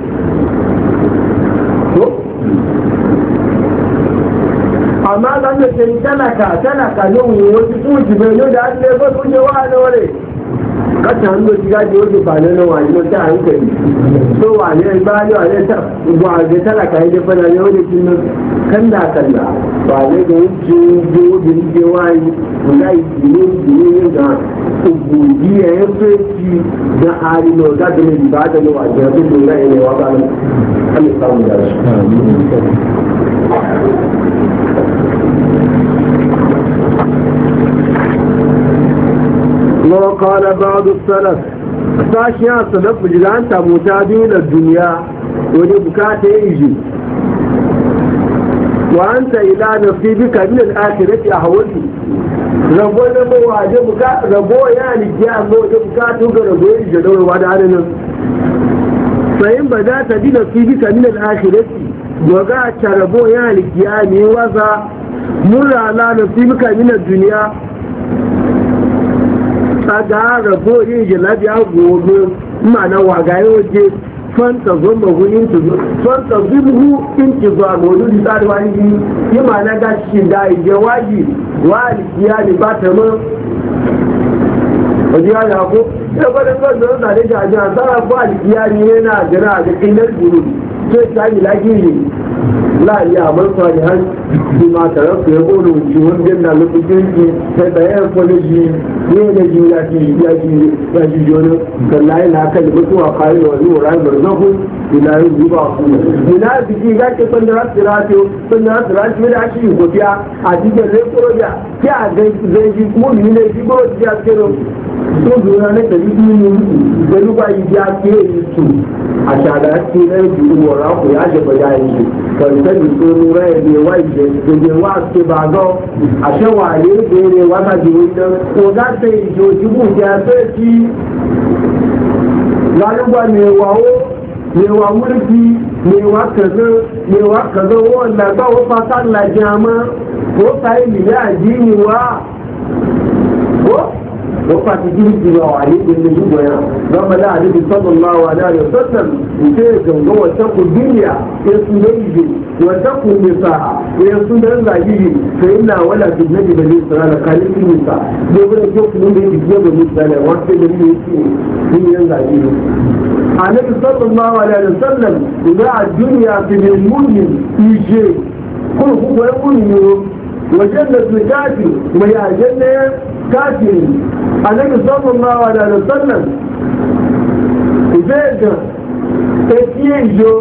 B: to amma zan da ke talaka talaka yau wasu tsoji bai yau da an ne ba su je wa na wale kata an da shiga da yau ba na wani na ta hankali so wani ba ne wani ta ba da talaka ya jefa da yau da bàálẹ̀ ne ń jẹ oúnjẹ oúnjẹ oúnjẹ wáyé láì dúró dúró nígbà ògbò yìí ẹ̀ ń fẹ́ ti da ari lọ láti lè dìbò àjẹlẹ wà jẹ́ tó lè láì lè wá bá lọ. ká lè وقال بعض السلف ساشيا سلف جلان duniya wani الدنيا ya yi يجي وأنت إلى نصيبك من الآخرة أهوتي rabo na mawa da buka rabo ya rigiya amma da bukatu ga rabo ya rige daurwa da hannun sayin ba za ta dina fi bisa min al-akhirati wa ga ta rabo ya rigiya ne waza murra la na fi bika min duniya a ta ga rabo ya rige lafiya gobe ma'ana wa ga yau je فانتظمه انتظام فانتظمه انتظام ودود يسار وانجي يما نقاش شنداي جواجي والكيان باتما wajen ya ko ya kwanan kwan da rana da jajen a tsara ba alkiya ne yana jira da ƙinar guru sai ta yi lagiri la ya man salihan bi ma taraktu ya qulu ji wannan da lokacin ki sai bayan ko da ji ne da ji ya ji ya ji ya ji jona sallai la kalmatu wa qali wa nuran ina yi ku. ina biki ga ke sandara siratiyo sandara siratiyo da ake yi gobiya a cikin rekoro da ke a zai ji kuma ni ne ji goro ji a kero to zuwa ne da biki ne da ruwa yi ya ke yi su a na yi ji wara ku ya ba ya yi su kan ta ni so ne wa yi da ne wa ke ba a wa ne ne wa ta ji wani ko za ta yi ne wa mewa murfi mewa kaza mewa kaza wanda ba wa fata lajama ko sai mi da ajini wa ko وقعت جلد وعليه النجوم يا رب لا عليه صلى الله عليه وسلم وكيف هو اتقوا الدنيا يسنجي واتقوا النساء ويسنجي الزعجي فإن ولا تجنب بني إسرائيل قال في النساء يقول لك يوم من يجنب بني إسرائيل وقت بني إسرائيل النبي صلى الله عليه وسلم وقع الدنيا في المؤمن يجي كل هو يقول وجنة الكافر ما يا جنة kafiri annabi sallallahu alaihi wasallam ìbéèrè etí èjò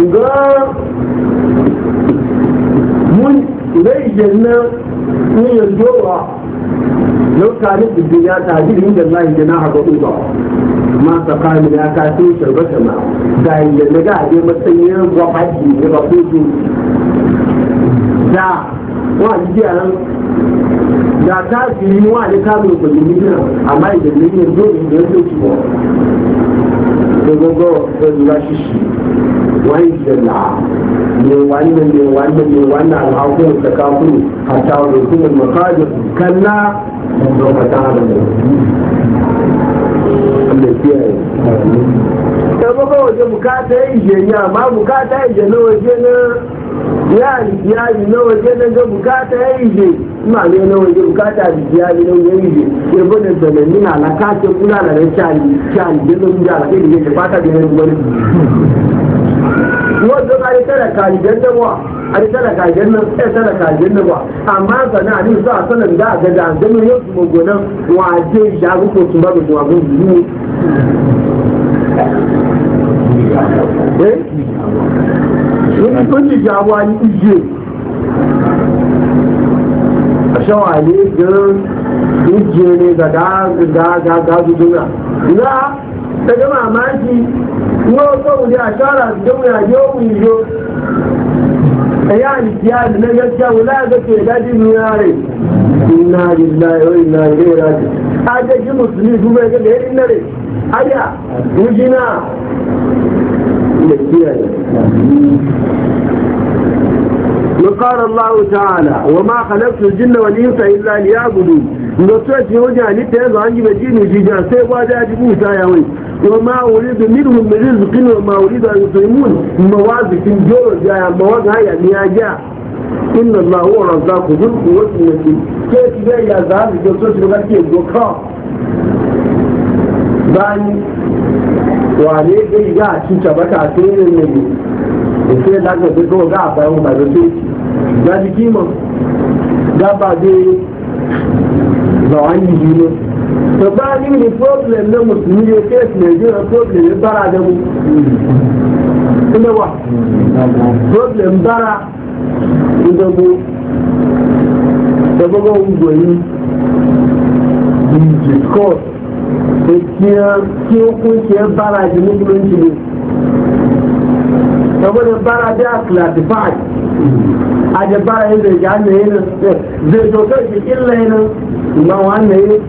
B: ǹgán mú ìwé ìjẹ náà ní yanzu wa yau tare da duniya ta da inda Allah ya na haka uba ma tsakani ya ka yi sharbata ma da yanzu ga aje matsayin gwafaji ne ba ko da wa jiya da ta su yi wa ne ka zo kwallo ne amma idan ne ne zo ne ya zo ki ba da gogo da lura ne shi wani jalla ne wannan ne wannan ne wannan al'akun da kafin hatta wani kuma makajin kalla da mata da ne ẹgbọ́gbọ́ òjò bùkátà ìjẹ ni àmá bùkátà ìjẹ lówó jẹ́ náà yáà yáà yìí lówó jẹ́ náà bùkátà ìjẹ ma ne na waje bukata da biya ne na wani ne ya bada zanani na alaka ce kuna na ran shari da zan ja alaka da yake fata da yanzu wani wanda ba ya tara kalijan da wa a yi e tara kalijan nan sai tara kalijan da wa amma sana ne su a sanar da ga da zama yau su magonan waje su da su abin biyu eh? Wani kun ji jawa ni shawale gan dukiya ne ga gazu duna na ta ga mamaki kuma wata wuri a shara da wuya yau yiwu a yi alikiya da na gaskiya wula ga ke daji miyare inna lillahi wa inna ilaihi raji a da ji musulmi duba ga da yarin nare aya mujina da kiyaye وقال الله تعالى وما خلقت الجن والإنس إلا ليعبدوا نصرت يوجع لتهز عن جبتين وشجع سيبوا جاجبوا سايوين وما أريد منهم من رزق وما أريد أن يطعمون موازك الجول جاء موازك هيا نياجا إن الله هو رزاق ذو القوة المتين كيف جاء يا زهر جلسوس لغاية الدكاء بان وعليه جاء شو شبكة النبي que òfin ẹ̀dá gbẹ̀gbẹ́ tó ọ̀gá àbá ẹ̀hún tàbí tó gbàdí kí mọ̀ dábàá dé lọ́wọ́ yìí yìí lọ. Tọ́gbà ní ní não náà mùsùlùmí yóò kéèsì Nàìjíríà que yóò bára dẹ́kun. problema wà? Problem bára que ìdọ̀gbò ògbò yìí di discourse. Ètí kí ó kún ṣe bára ìdí mùsùlùmí yìí. gaba da bara da a a da bara yin da ya ne yin eh, zai doka shi illa yin ma wannan yin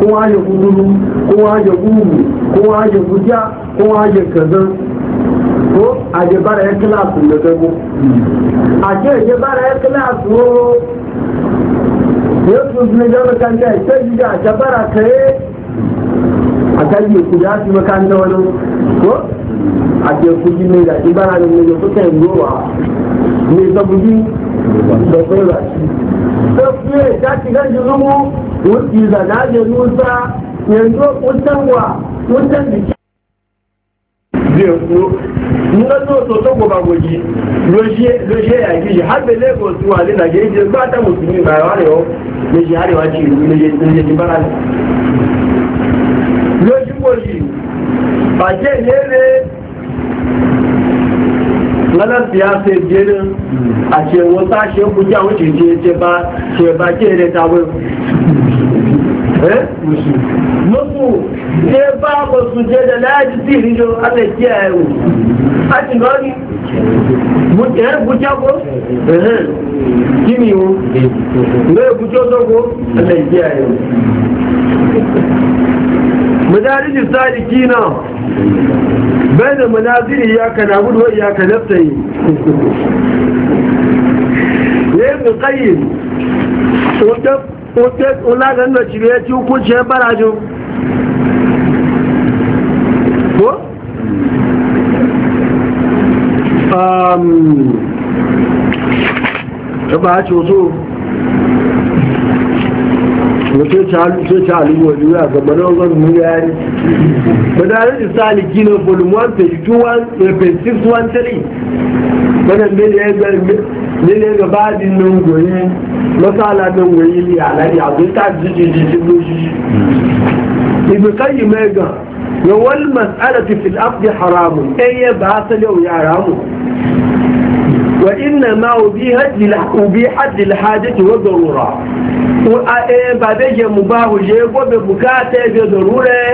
B: ko haje guru ko haje guru ko haje guja ko haje kaza ko a da bara yin class da gabo a ce da bara yin class wo yesu ne da kan kai sai da bara kai a kan yi kuda su makanta wani ko àti ẹ̀fúnjí méjì àti bára ni méjì tó tẹ̀ ń lò wá ní ìsọfúnjí ìsọfún ìrà sí. tó fi lè jáde lẹ́jọ́ lówó wọ́n ti ìlànà àjẹ ló ń sá yẹn tó ó tẹ̀ wà ó tẹ̀ bìkí. bí èkó nínú ọ̀tọ̀ tó gbọ̀gbà wòyí ló ṣe àìjíjì hábẹ̀ lẹ́gbọ̀n tí wà nílà jẹ́ ìjẹ́ gbá àtàwọn òsì ní ìbára rẹ̀ ọ́ lè ṣe àríwá ti ìlú lè malar siyasa a ce wata shi ku ja wuce ce ba ce da ta wai eh? musu ne ba ba su je da laji siri jo Allah kiyaye mu a ci gani mun ke eh, ku ja ko eh, eh kimi wo ne ku jo do bai da manaziri ya ka na gudu ya ka naftayi ne mu kayi wata ganga cire ya ci hukunciyar barajin ko? ta ba a ci wato coci alimu wani wuya ga mana wanzan mu yari da isali gina volume 1 page 2 page 613 mana mele ga badin nan goyi masala nan goyi ne a lari a zai ta jiji jiji loshi ibi kai mai ga yawon mas'alati fil afdi haramun ɗaya ba asali yau ya haramun وإنما أبيحت للحاجة والضرورة بعدين مباح جيبه ببكاته بضرورة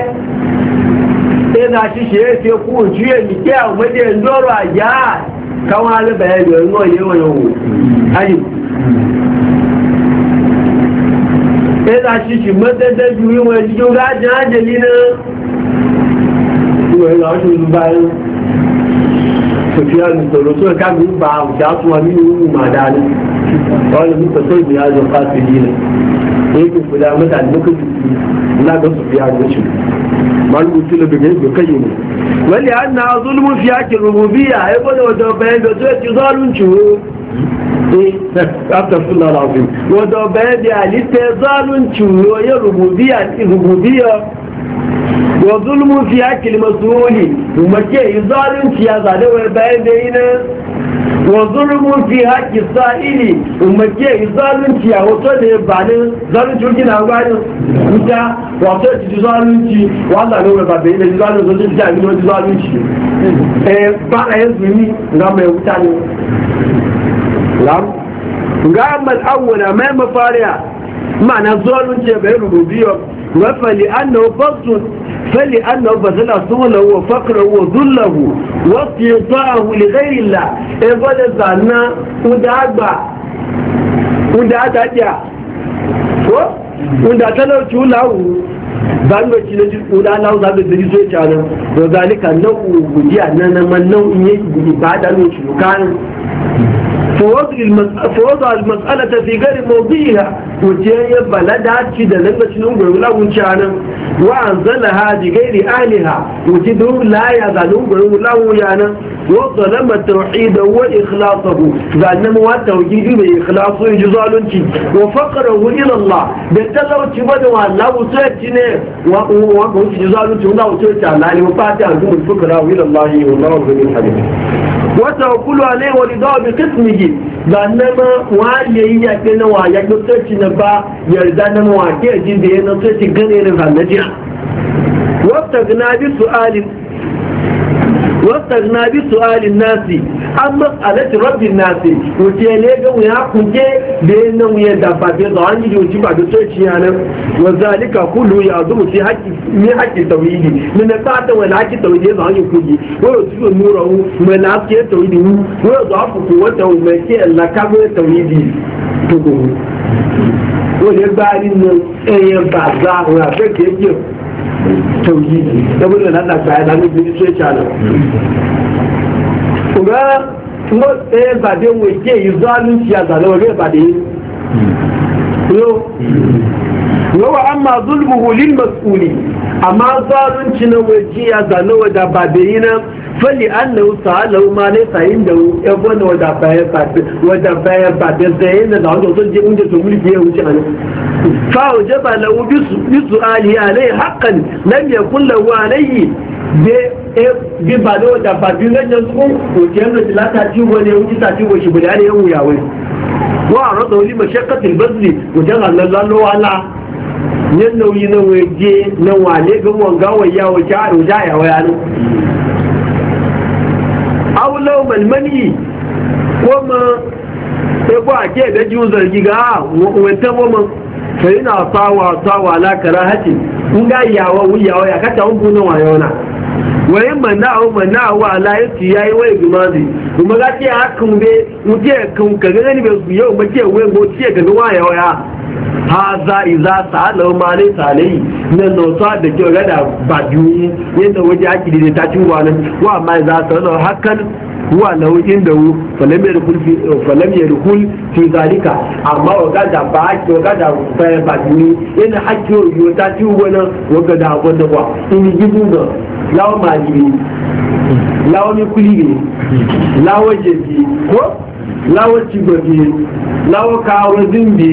B: إذا شيء يكون شيء مكيه ومدين دور عجال كما على بيان يوم يوم يوم أجل إذا شيء مدد يوم يوم يوم عجال جلينا وإذا شيء مباح tafiya da tsoro suka kaga ba a wuta su wani yi ma da ne wani muka sai mu ya fasu yi ne yake guda mata da muka na ga su fiya da shi malu tilo da gaibe kai ne wali anna zulmu fi hakki rububiyya ai bada wata bayan da zai ci zalunci eh astaghfirullah alazim wata bayan da halitta zalunci ne ya rububiyya rububiyya wa zulmu fi akli masuli umarke yi zalunci ya zane wani bayan da yi wa zulmu fi hakil sa'ili umarke yi zalunci ya hoto da bani bani zalunci gina gwanin wuta wato ya ci ji wa zane wani ba bayan da yi zalunci ji jami na wani ji eh ba na yanzu ni na mai wuta ne ga mal awwala ma mafariya ma'ana zalunci bai rububiyar wafali annahu fasun فلأنه بذل صوله وفقره وذله واستيطاعه لغير الله إبادة زعنا ودعبا ودعبا wanda talauci lawu ba ci na kuda lawu za mu zuri sai tana to zalika nau'u gudiya nan man nau'in yake gudi ba da mu ci في وضع المسألة في وضع المسألة في غير موضعها وتيا بلدات كده لما تنوم ولا وشانا وأنزلها غير أهلها وتدور لا يزالون ولا ويانا وظلم التوحيد وإخلاصه لأنه هو التوحيد بإخلاص وجزالك وفقره إلى الله بتلو تبدو الله وسيتنا وجزالك الله وسيتنا الله وفاتح الفقراء إلى الله والله من حبيبه wata kulu ne wani dawa bi kismihi ga nama wa ya yi ya ke na wa ya ga tsoci na ba yarda na ma wa da ya na tsoci gane na zanajiya wata gina su'alin o wasannan bi su'alin nasi an matsalaci rabin nasi wuce ne ga wuya kuke da yin nan wuyan dabbafe za a yi da wuce ba da so ci yana wa zalika kulu ya zuru fi haƙƙi ne haƙƙi tauhidi ne na ta ta wani haƙƙi tauhidi za a yi kuke ko ya zuru nura wu mai lafiya tauhidi wu ko ya zuwa kuku wata wu mai ke laka mai tauhidi tukuru. Wani ba ni ne ɗanyen ba za a wuya ke kyau. tauhidi abin da na ɗaka ya zama biyu kuma ɗaya ba yi zalunci ya zalunci ba dai yau yawa amma zulmuhu lil mas'uli amma zalunci na waje ya zane wada ba yi na fali an na wuta halau ma ne sayin da ya gwana wada bayan babe wada bayan babe zayin da zawon sun je inda su mulki ya wuce ne fa wajaba lahu bi su'ali alai haqqan lam yakun lahu alayhi bí bàdó dàbà bí lẹ́jọ́ sún òjì ẹ̀rọ ti látàjú wọn ni ojú tàjú wọn ìbòlẹ̀ á ní ewu ìyàwó wọ́n àrọ́tọ̀ onímọ̀ ṣẹ́kọ̀tì bẹ́sìlì òjẹ́ àlọ́lọ́wọ́lá yan nauyi nan waje nan wale ga wanga waya wace a roja ya waya nan aulau malmani ko ma sai ko a ke da jiwo zargi ga ah, wata ma kai na sawa sawa la kara hati in ga yawa wuyawa ya kata hunku nan wayo na wayin manna awu manna wa ala yati yayi wai gumazi kuma ga ce hakan be mutiye kan kaga gani be yau mace wai go ce ga waya waya haza iza sa'ala ma ne yi na nota da kyau da ba biyu yadda waje ake da ta ci wa nan wa ma za ta nan hakan huwa lahu da wu falam yadkhul fi falam yadkhul fi zalika amma wa gada ba ki wa gada ba ba biyu yana hakki yo ta ci wa nan wa gada wanda ba in gidu da lawa ne lawa mi kuli ne lawa jeji ko lawa cigobi lawa kawo zimbi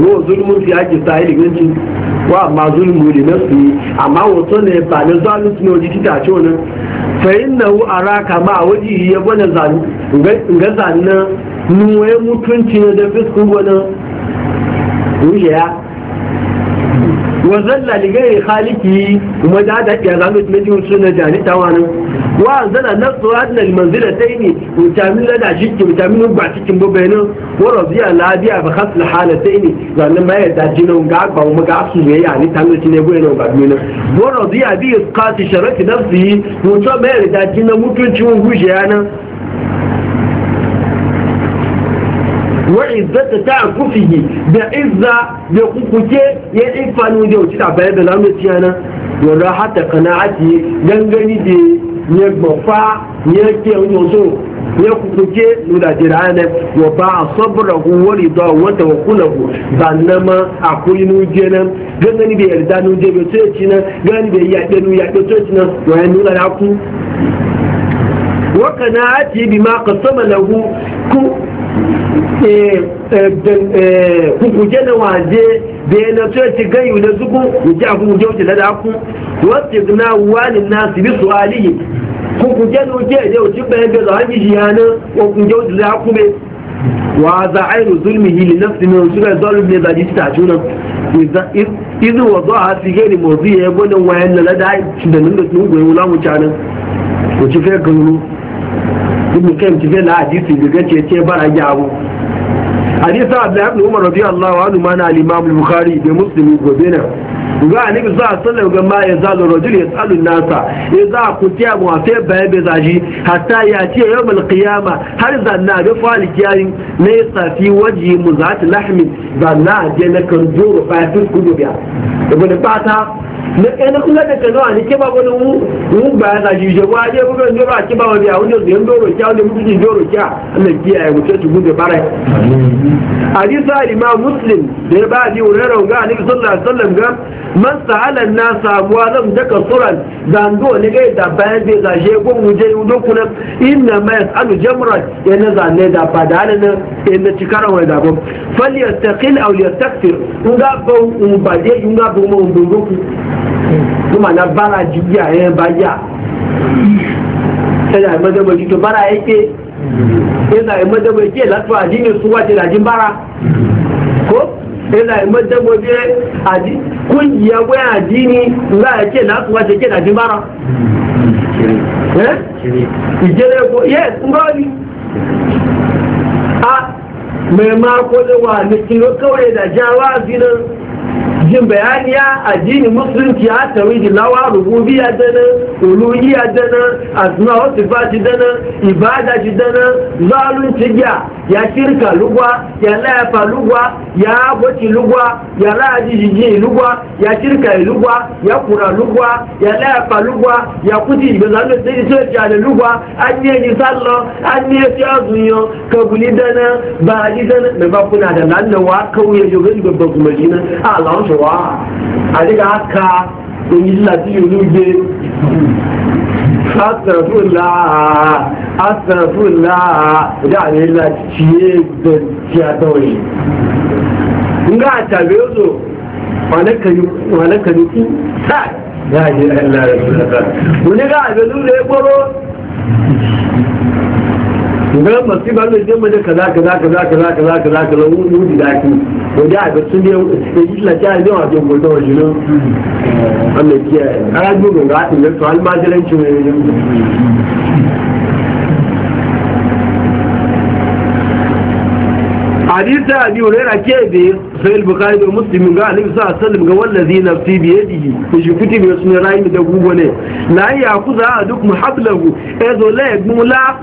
B: wo zulmun fi ake sahili ganci wa amma zulmu ne na su amma wato ne ba na zalu su ne wajen tita ce wani fa'in na ara kama a waje yi ya bane zanu ga zanen nuwaye mutunci na da fiskun wani wuya wa zalla ligai khaliki kuma da da ya zanu na jiwon suna jani tawanin وأنزل نصر أدنى المنزلتين وتعمل لنا شك وتعمل نبع شك ببينه ورضي الله بيع بخص الحالتين لأن ما يتعجينا ونقعب ومقعب سوية يعني تعمل تنبوين وقعبينه ورضي به إسقاط شرك نفسه وطبع يتعجينا ممكن تشوفه جيانا انا ta kufihi da izza da kukuke ya ifanu da wuce ta bayar da lamu tiyana wa rahata qana'ati gangani da nye gbɔfa nye kye nyɔnso nye kukuke nudadira ene wɔba asɔbɔrɔku wɔli dɔ wɔtɛ wɔkulɛku banama akuri nudie ne gɛgɛ ni bɛ yɛlida nudie bɛ to etsi ne gɛgɛ ni bɛ yagbɛ nu yagbɛ to tsi na. wɔyɛ nu la ku wɔkana ati bi ma kɔsɔmɛ lɛ ku ku ɛɛ ɛɛ kukuke na wa de. bai na so ci gayu na zuku ya ji abu je wuce da ku wasu na wani na su bi su alihi ku ku je no je je wuce bayan da za a ji yana ko ku je wuce da ku be wa za a yi zulmihi li nafsi min sura zalim ne da ji ta tuna idan wa za a fi gairi mazu ya gona wayan na lada da nan da tun goyi wula mutanen ku ci fe kan ru ibn kayyim ci fe la hadisi daga ce ce bara ya hadisa abdullahi ibn umar radiyallahu anhu mana al-imam al-bukhari da muslim gobe na ga annabi sallallahu alaihi wasallam ga ma ya zalu rajul yasalu nasa idza kutiya wa fa bayan be zaji hatta ya ce yawmal qiyama har zanna ga fali kiyarin ne safi waji muzat lahmi zanna je na kan juro fa tun kudu biya ibn bata lẹ́kẹ́ni kúlẹ̀ tẹ̀tẹ̀ náà ní kí bàbá ní wọ́n gbà ẹ́ láti ìṣẹ̀wọ́ ajé gbogbo ẹ̀jọ́ bá kí bàbá bí àwọn ọdún ń dòrò kí àwọn ọdún ń dòrò kí àwọn ẹ̀jì ẹ̀wò tó ti gúnjẹ bára ẹ̀. àdísá ìmá muslim ní bá àdí òrẹ́rọ̀ ń gá àníbi sọ́lá sọ́lá ń gá man sàálẹ̀ náà sàmú alam dẹ́kọ̀ sọ́ra da ní gẹ́ ìdàbà ẹ̀ bí ìdàṣẹ́ gbóhùn jẹ́ ìdókun náà ìnà mẹ́s alùjẹ́mùrà yẹn ní da ìdàbà dáálẹ̀ náà ẹ̀nà tìkára wọn ìdàbọ̀ fẹ́lẹ̀ ẹ̀sẹ̀kìl àwòlẹ̀ ẹ̀sẹ̀kìl ń gá bọ̀ ń bàjẹ́ ń gá bọ̀ ń bọ̀ ń dókun tó mà ná bára jíjí àyẹn bara yà ẹ̀dà ìmọ̀dẹ́gbẹ̀ jíjọ bára ẹ̀ pé ẹ̀dà ko ẹ̀dà ìmọ̀dẹ́gbẹ̀ jẹ́ àdí kó ìyàwó àdínì ńlá ẹ̀ jẹ́ látọ̀ àdínì jẹ́ làjí bára. ìjẹ́lẹ̀ kò a mẹ́ẹ̀má kó lè wà ní kìló kọ́wé ìdàjà jin bayani ya addini musulunci ya tawhidi lawa rububiyya dana uluhiyya dana asma wa sifati dana ibada shi dana zalunci ya ya shirka lugwa ya laifa lugwa ya boci lugwa ya lajiji lugwa ya shirka lugwa ya kura lugwa ya laifa lugwa ya kuti ibada da sai sai ya lugwa an ne ji sallo an ne ji azunyo kabuli dana ba ji dana me ba kuna da nan wa kauye yo ga babban kuma jinan a Allah ṣọ̀wá àdíkà ká èyí láti ìlú gbé asàfúnlá asàfúnlá ìdáàrí láti tí é gbẹ̀ntí àtọ́rì nga àtàbí ó lò wọn kàrí kú sáà láàrin ẹ̀lá rẹ̀ lọ́ta ga masu ba da jama da kaza kaza kaza kaza kaza kaza kaza wuri wuri da ki ko da ga sun da yi la ta da wa jin godo jino ke ara ga ta ne to almajiran ci ne حديث أبي هريرة كيف في البخاري ومسلم قال النبي صلى الله عليه وسلم قال الذي نفسي بيده مش كتب يسمي راي مدقوبة لا يأخذ أحدكم حبله إذا لا يقوم لا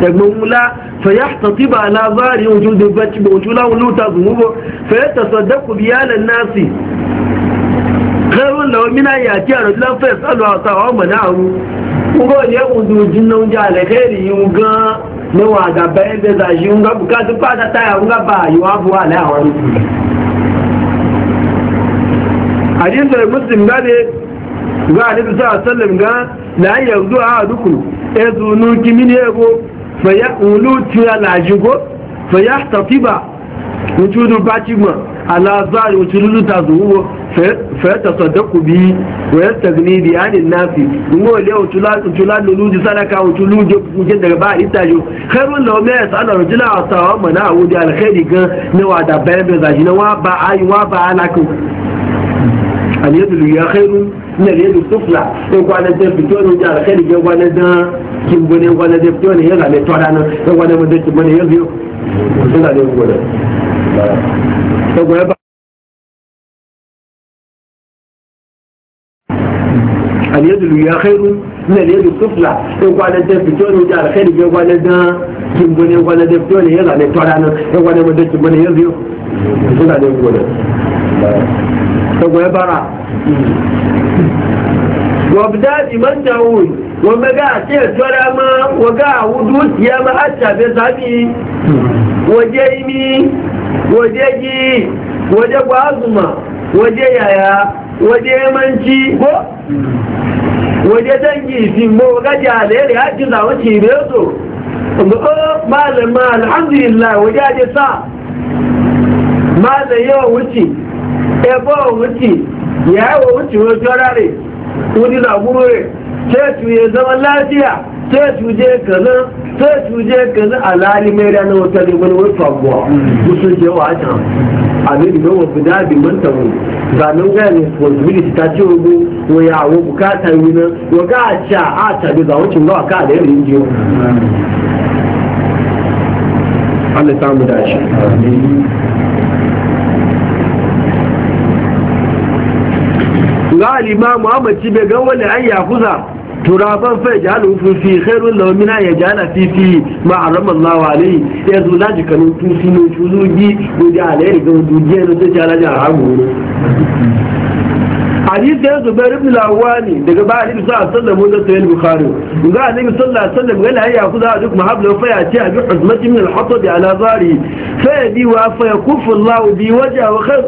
B: tagbomula fayasta ti ba labari ojú di bẹ́tí bọ̀ ojú láwọn lóòótọ́ àgbòmúgbò fayasta sọ dẹ́kun bí a náà sì kẹrù lọ mínà yà kí àrùn tí lọ́fẹ̀ẹ́ sọ́lọ́ ọ̀sà ọmọ náà rú gbogbo ní ẹkùn tó jí ní oúnjẹ alẹ́ kẹrì yìí gan ní wọn àgàbẹ́ ẹgbẹ́ sà yìí ń gbàgbọ́ káàtó pàdé táyà ń gbàgbà yìí wọ́n á bọ́ alẹ́ àwọn ọdún. àdínsọ ìmúsùlùmí gbáde gbá àdínsọ àṣẹlẹm gan láàyè ọdún àádùkù ẹsùn ní kí mí ní ẹgbó faya ulu tira lajigo faya tafiba wujudu batima ala zari wujudu ta zuwo faya bi wa yastagni bi anin nafi ngo le wutula wutula luluji sadaka wutulu je kuje daga ba itajo khairun law ma yasala rajula atawa mana awudi alkhairi gan ne wa da bayan da zaji ayi kin bune wala de to ne yana le to da nan to wala mun de kin bune yanzu suna da gole to gole ba اليد اليا خير من اليد السفلى يقول على الدفتون وجاء الخير يقول على الدان كمبني يقول على الدفتون يلا على التورانا يقول على مدى كمبني يزيو سنة يقول يقول يا برا وابدأ بمن تعود wọ́n mẹ́gá àti ẹ̀tọ́ra ma wọ́gá àwúdú tí a máa ṣàfẹ́ sáàbí wọ́jẹ́ imi wọ́jẹ́ jí wọ́jẹ́ gbáàzùmà wọ́jẹ́ yàyà wọ́jẹ́ ẹmọ́njí gbọ́ wọ́jẹ́ tẹ́jì ìfìmọ́ wọ́gájẹ́ àlẹ́rẹ̀ ájú làwọn ti rẹ̀ ọ́tọ̀ ẹ̀bọ́ òun ti ti wọ́n jọ́rá rẹ̀ òun ni làwúrò rẹ̀ sai tuje zama lafiya sai tuje kaza sai tuje kaza alali mai rana wata ne wani wata abuwa musu je wa a abin da wa guda bi man ta mu ga nan ga ne responsibility ta ce rubu ko ya wo bukata yi na wa ga cha a ta bi za wucin ba ka da yin jiyo Allah ta mu dace ga alimamu muhammad ci bai ga wani an yakuza ترابا فيجعله في فيه خير الله منها يجعل في فيه ما عرم الله عليه يزول الله جكالو توسين وشوزو جي وجعله يجعله دوديان وتجعله جعله حديث يا زبير بن الأواني دقاء بعد النبي صلى الله عليه وسلم وده سيد البخاري وقال النبي صلى الله عليه وسلم قال هيا خذ هذا حكم حبل وفيأتيها بحزمة من الحطب على ظهره فيدي وفيكف الله بوجهه وخذ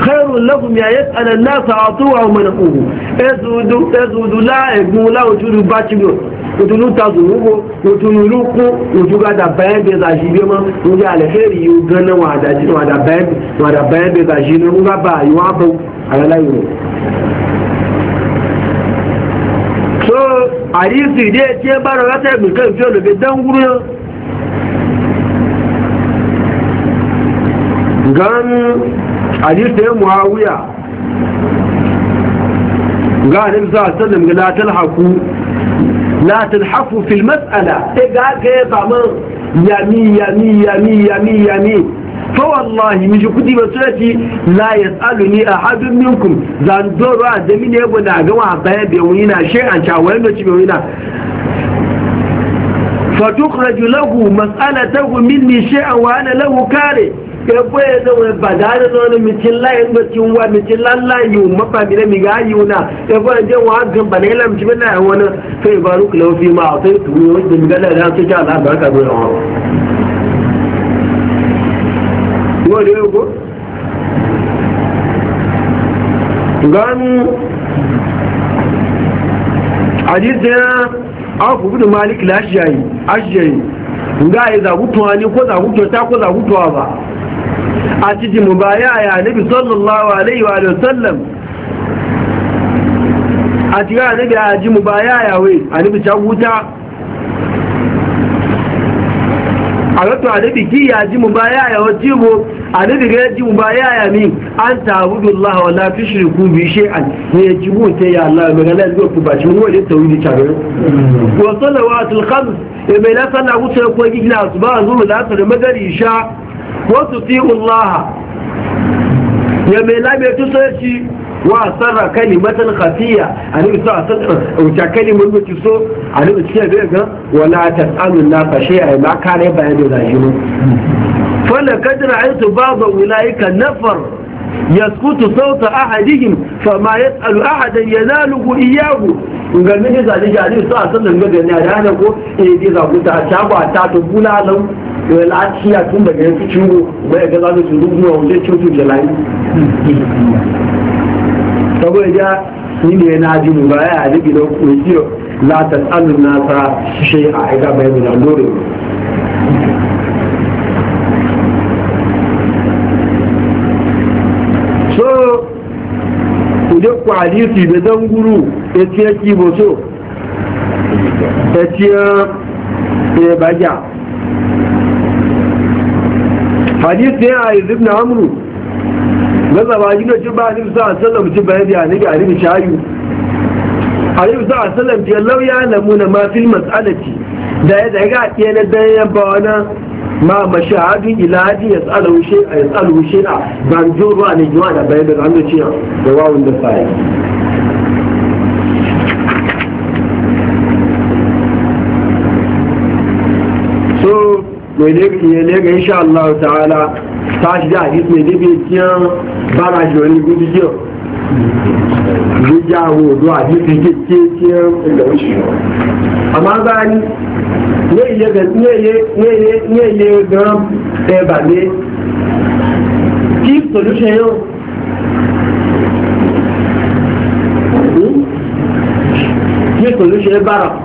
B: خير لهم يا يسأل الناس عطوه أو منقوه أزودوا لا يقول لا وجودوا باتشبه وتنو تزوه وتنلوكو وتوقع دبان بيزاجيبه ما وجع الخير يوغن وعداجين وعدبان وعدبان بيزاجين وغبا يوعبو على لا يوم so àríṣì dé tí ẹ bá rọ látẹ̀gbẹ̀ kan tí ó lè fi dángúrú yán gan hadisi ya muawiya ga annabi sallallahu alaihi wasallam la talhaku la talhafu fil mas'ala e ga ga ba man yami yami yami yami yami fawallahi miji kudi ba surati la yasaluni ahadun minkum zan doro a dami ne bu na ga wa baya be wani na she an cha wani no ci be wani na fatukhraju lahu mas'alatahu minni shay'an wa ana lahu kare kebo ya zama badana na wani mitin layin da cin wa mitin lallan yi mafa bi na mi ga yi na kebo ya je wa gan ba la ila mitin na wani sai ba ruku lawo fi ma a sai tuwo da mi ga da ran sai ja Allah barka da wani ko da ko gan hadisiya aku bin malik lashiyayi ashiyayi ga ya zagutuwa ne ko za zagutuwa ta ko za zagutuwa ba a cikin mubaya ya nabi sallallahu alaihi wa sallam a cikin anabi a ji mubaya ya wai anabi ta wuta a rato anabi ki ya ji mubaya ya wace mu anabi ga ji mubaya ya min an ta ta'budu Allah wa la tushriku bi a ne ya ji wuta ya Allah mai la zuwa ku ba shi mu wajen tawi da gari wa salawatul khams ya e mai la sallahu ta ko gina subhanahu wa da magari sha وتطيعوا الله يا ملاب يتسوشي وأصر كلمة خفية أنه يتسوى كلمة يتسوى أنه يتسوى بيك ولا تسألوا الناس شيئا ما كان يبقى يدو ذاجمه فلقد رأيت بعض أولئك نفر يسكت صوت أحدهم فما يسأل أحدا يناله إياه ganin da zaje jari su a sannan ga gani a yana ko eh ji za ku ta ta ba ta to bula lau da lafiya tun daga yanzu ciwo ba ga za su rubu wa wajen cutu da lai saboda ja ni ne na ji mu ba ya ji gidan ku ji la ta tsallu na ta shi a aiga bai mu da lore so ku je ku hadisi da danguru ẹ̀tíyẹ́ kí ibò tó ẹ̀tíyẹ́ ẹ̀bàjá hadith ne a yanzu na amuru gazaba gina ci ba a nufi sa'a sallam ci bayan da ni ga shayu a lauya na muna ma da ya daga ma mashahadun iladi ya tsala wushe a ya tsala wushe a ban jo ruwa ne jiwa da bayan da zan ciya da wawun da ne ga insha Allah ta'ala ta shi da hadisi ne dabe kiyan bara shi wani gudu jiyo gudu wo do hadisi ke ke kiyan da wuce amma ye ne ye ne ye e ne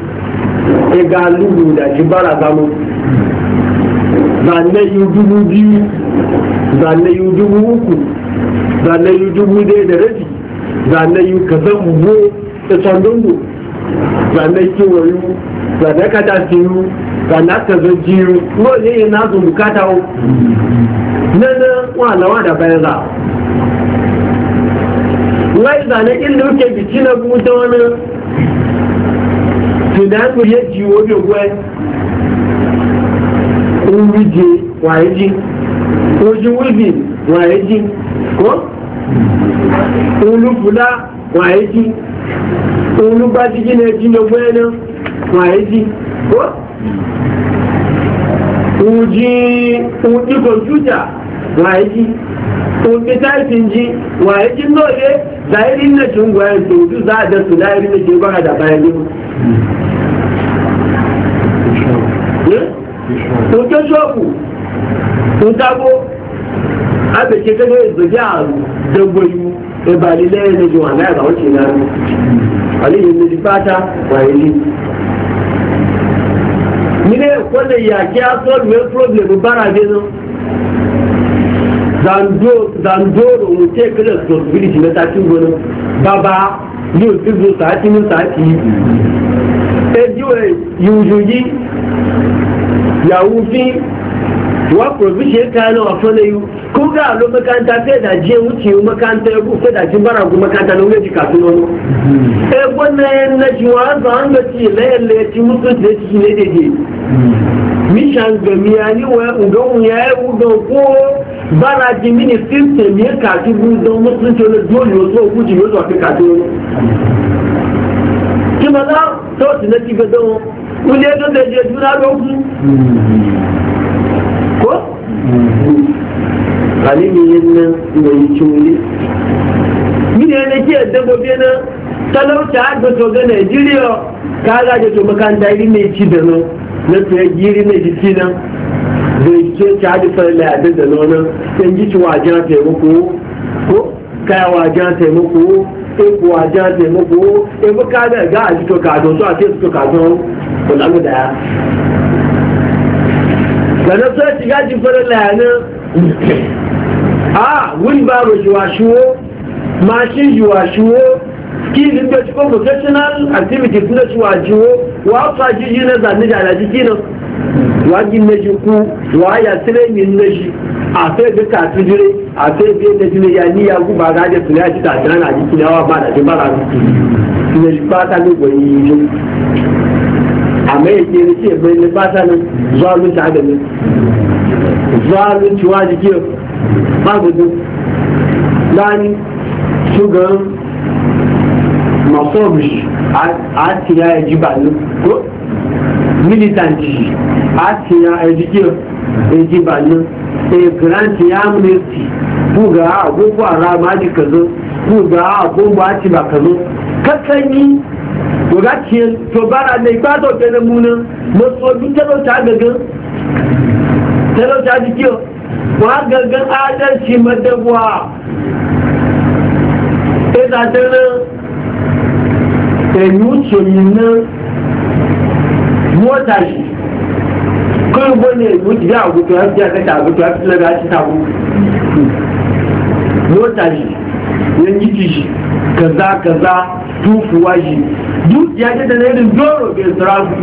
B: ẹga lulu ìdajì bára gbámú zàlẹ́yìn dúdú bí zàlẹ́yìn dúdú wúkú zàlẹ́yìn dúdú dé dẹ̀rẹ́jì zàlẹ́yìn kẹfẹ́ wúwo ẹ̀sọ́ lóńdò zàlẹ́yìn tí wọ́n yú zàlẹ́ kata ti yú zàlẹ́ kẹfẹ́ ti yú wọ́n lè yẹn náà zùn bùkátà o nana wọn àlàwọ̀ na ẹ̀ rà tùnánù yẹ jì omi òwú ẹ oríje wàá jí ojú wíbì wàá jí kọ́ olúfúlá wàá jí náà jí lọ́gbọ́ ẹ náà wàá kọ́ ojí ojí kọ̀ǹpútà wàá jí omi táìsì jí wàá náà lé zahiri náà tó ń gbọ́ ẹ̀ tó ojú záà dẹ̀ tó láìrí náà dàbáyé nǹkan ṣọ́ọ̀bù nǹkagbó abèké gẹ́gẹ́ ìgbèjì àrùn dẹ́gbọ́ ìwú ìbàlẹ̀ lẹ́yìn lẹ́jọ àná àbáwọ̀ ṣe náà àlẹ́ yìí ní pátá yi ne nílé ẹ̀kọ́ lè yà a sọ ìwé ne bára dé náà zandoro mu ce kada su responsibility na satin gona baba yóò fi zo sàátì ní e yìí. ẹ jíwèé yàwó fi wọ́n provision kan náà fún ẹyú kó gá ló mẹ́kántà fẹ́ẹ̀dà jẹ́ ń tì í mẹ́kántà bara fẹ́ẹ̀dà jí bára gún mẹ́kántà ló méjì kà fún ọmọ. ẹgbẹ́ náà ń lẹ́jì an á ci án lọ sí ìlẹ́yẹlẹ tí wọ́n tún lè ti lé dèdè. mission gami ya ni wa ngon ya yi udon ko bára di mini system yẹ kàtí gbúdọ̀ mọ́tún tó lè dúró ní oṣù òkú jù yóò sọ pé kàtó. kí mo dá tó ti lè ti gbẹdọ̀ wọn. kúlé tó tẹ̀jẹ̀ dúrà lókun kó àlébí yẹn ná ìwọ̀ yìí tí ó lé mini ẹni tí ẹ̀ dẹ́gbọ́ bí ná talauta agbẹ̀tọ̀ gẹ́ nàìjíríà káàgá jẹ́tọ̀ makanta yi méjì dáná lẹ́tọ̀ ẹ̀ yírí méjì sí náà zai ce ta ji farle a duk da nonon sun ji cewa jan taimako ko kayawa jan taimako e ko? jan taimako in e ka ga a ji to ka don so a ce su to ka don kò lámì dáa gbẹ̀dọ̀ tó a gájú ba lẹ́yìn náà wheelbarrow ìwàṣúwó machine ìwàṣúwó kí ní gbé tí kò professional activity fún ẹ̀ṣù àjúwó wà á fa jíjí náà zàníjà àdájí kí náà wà á jí méjì kú wà á yà sílẹ̀ mi méjì àfẹ́ ìgbé kàtúndúré àfẹ́ ìgbé méjìlẹ̀ yà ní yàgò bàgà àjẹ sílẹ̀ àti tàbí náà àjí kí náà wà bá àdájọ́ bá rà
C: mí
B: méjì pátá ní ìgbòyìn yìí mai ke ne ce bai ne ba ta nan zalunci haka zalunci wa lani a tiya ya ji bani ko a tiya ya ji ya ji a eh, grant ya amnesty ku ga agogo a rama ji ku ga agogo ci ba kazo kasani to ga to bara ne ba to ke nan munan matsobi talauta gagan talauta jikiyo wa gagan adalci madabuwa e za e ta nan ẹ̀yìn tó yìnà mọ́ta yìí kọ́ ìwọ́n ní ìlú ti dá àgùtò àti àkẹta àgùtò àti lẹ́gbẹ̀ẹ́ àti tàbí mọ́ta yìí lẹ́yìn jìjì kẹza kẹza tufuwa waji, duk ya ce da na nairin doro bai sirafi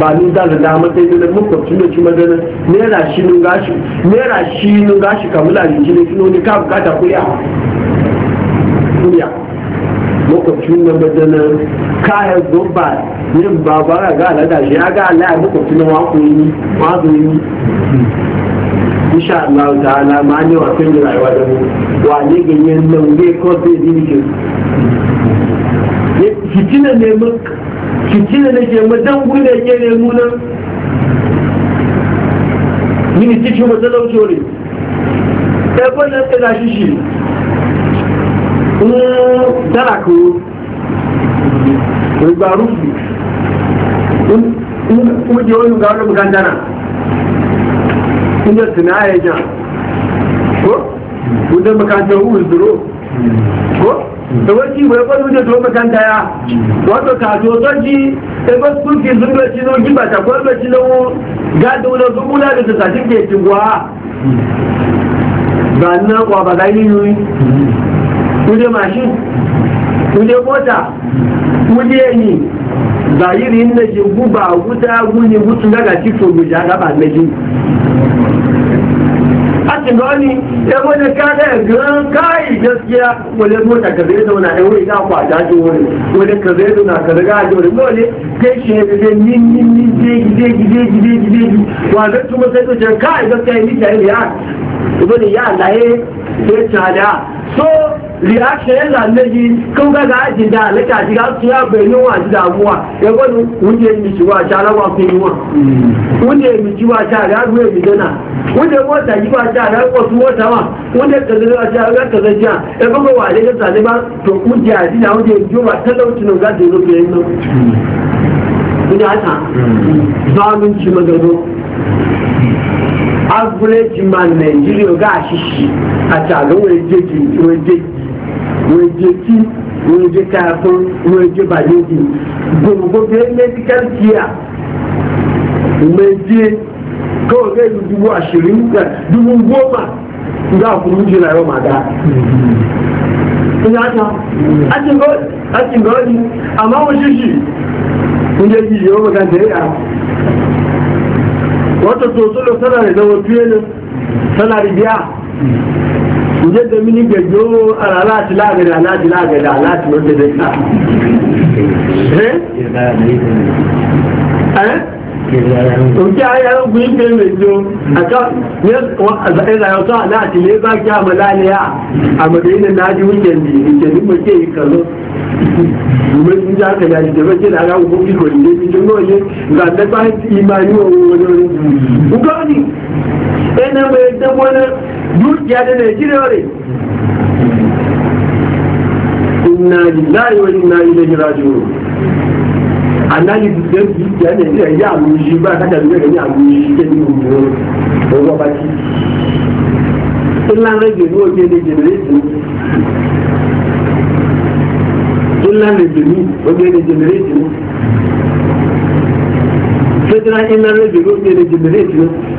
B: ba ni da da dama sai da makwabcin da kuma da nera, shi nun gashi naira shi nun gashi kamula ne shi ne kino ne ka bukata kuya kuya makwabcin da madana kayan gomba yin babara ga alada shi ya ga Allah ya wa da wako yi wazo yi insha Allah ta'ala ma ne wa kan rayuwa da mu wa ne ganyen nan ne ko sai dinkin fitina ne mu fitina ne ke mu dan gune ke ne mu nan mini ci ci mu da dauke ne da shi shi in tana ko ba rufi in kuma je wani ga wani bukanta na inda suna ya ko ko ìwọ́sí ìwé pọ́lúdé tó mẹ́kàntà ya wọ́n tó kààdù ọ̀tọ́ jí da skúlkì zúgbẹ̀tí ló jí bàtà pọ́lúdé lówó gáàdù lọ gbogbo láti tó sàtíkẹ̀ẹ́tì wá bàná wà bàbá yíyú kúdé màṣín kúdé mọ́tà kúdé ẹ̀yìn bàyìrì ń lè ṣe gúbà gúta gúni gútúngàgà tí fògbèjà na méjì cin gani ya wani kada ya gan kai gaskiya wani mota ka zai zauna ya wuri ga kwa jaji wuri wani ka zai zauna ka zaga ji wuri dole kai shi ya zai nin nin nin zai gide gide gide gide wa zai tuma sai to kai gaskiya ni ta ya ne ya Allah eh, ya sai ta da so reaction yana naji yi ga ga da alaka ji ga su ya bayyana wa ji damuwa ya gwani wuje mi ci wa ta rawa mi ci wa ta ga ruwa mi dana wuje mota ji wa ta ga ko su mota ma wuje ga ka zai ja ya a ji da wuje ji wa talaucin ga da zo ke yin average man Nigeria ga shishi a tagan wajeji wajeji waje ci waje kafin waje baleji gurgurbe medical care waje kawai zai dubu ashirin da dubu goma za a kuma jira yau ma da ina ta ajin ga wani amma wasu shi kun je ji yau magan da ya wata tosolo tana da zama fiye ne biya ǹjẹ́ tẹ̀mí ní gbẹ̀gbẹ́ ó ara láti lágẹ̀dẹ̀ aláti lágẹ̀dẹ̀ aláti ló tẹ̀lé ká. Òjá ma arúgbó ìgbé mèjọ, ẹ̀rọ ọ̀tọ́ aláàtì lè bá kí àmàlá ni à, àmàlá ilẹ̀ náà di wíkẹ̀ndì, ìkẹ̀lú mọ̀kẹ́ ìkànnà. Ìgbésí ń já kẹ̀lá ìjẹ̀bẹ́ jẹ́ lára ògbó kíkọ̀ ìdé ìjọ náà yé, ìgbà tẹ́gbà ìmà ní òun wọlé orí. Ugọ́ni, ẹnà mẹ́ẹ̀ẹ́dẹ́gbọ́n náà. dukiya da ne gire ware inna lillahi wa inna ilaihi raji'un anani dukiya dukiya ne gire ya alushi ba kada ne ga ni alushi ke ni mu ko ba ba ki illa ne ge no ke ne generation illa ne ge ni o ge ne generation federal illa ne ge no ke ne generation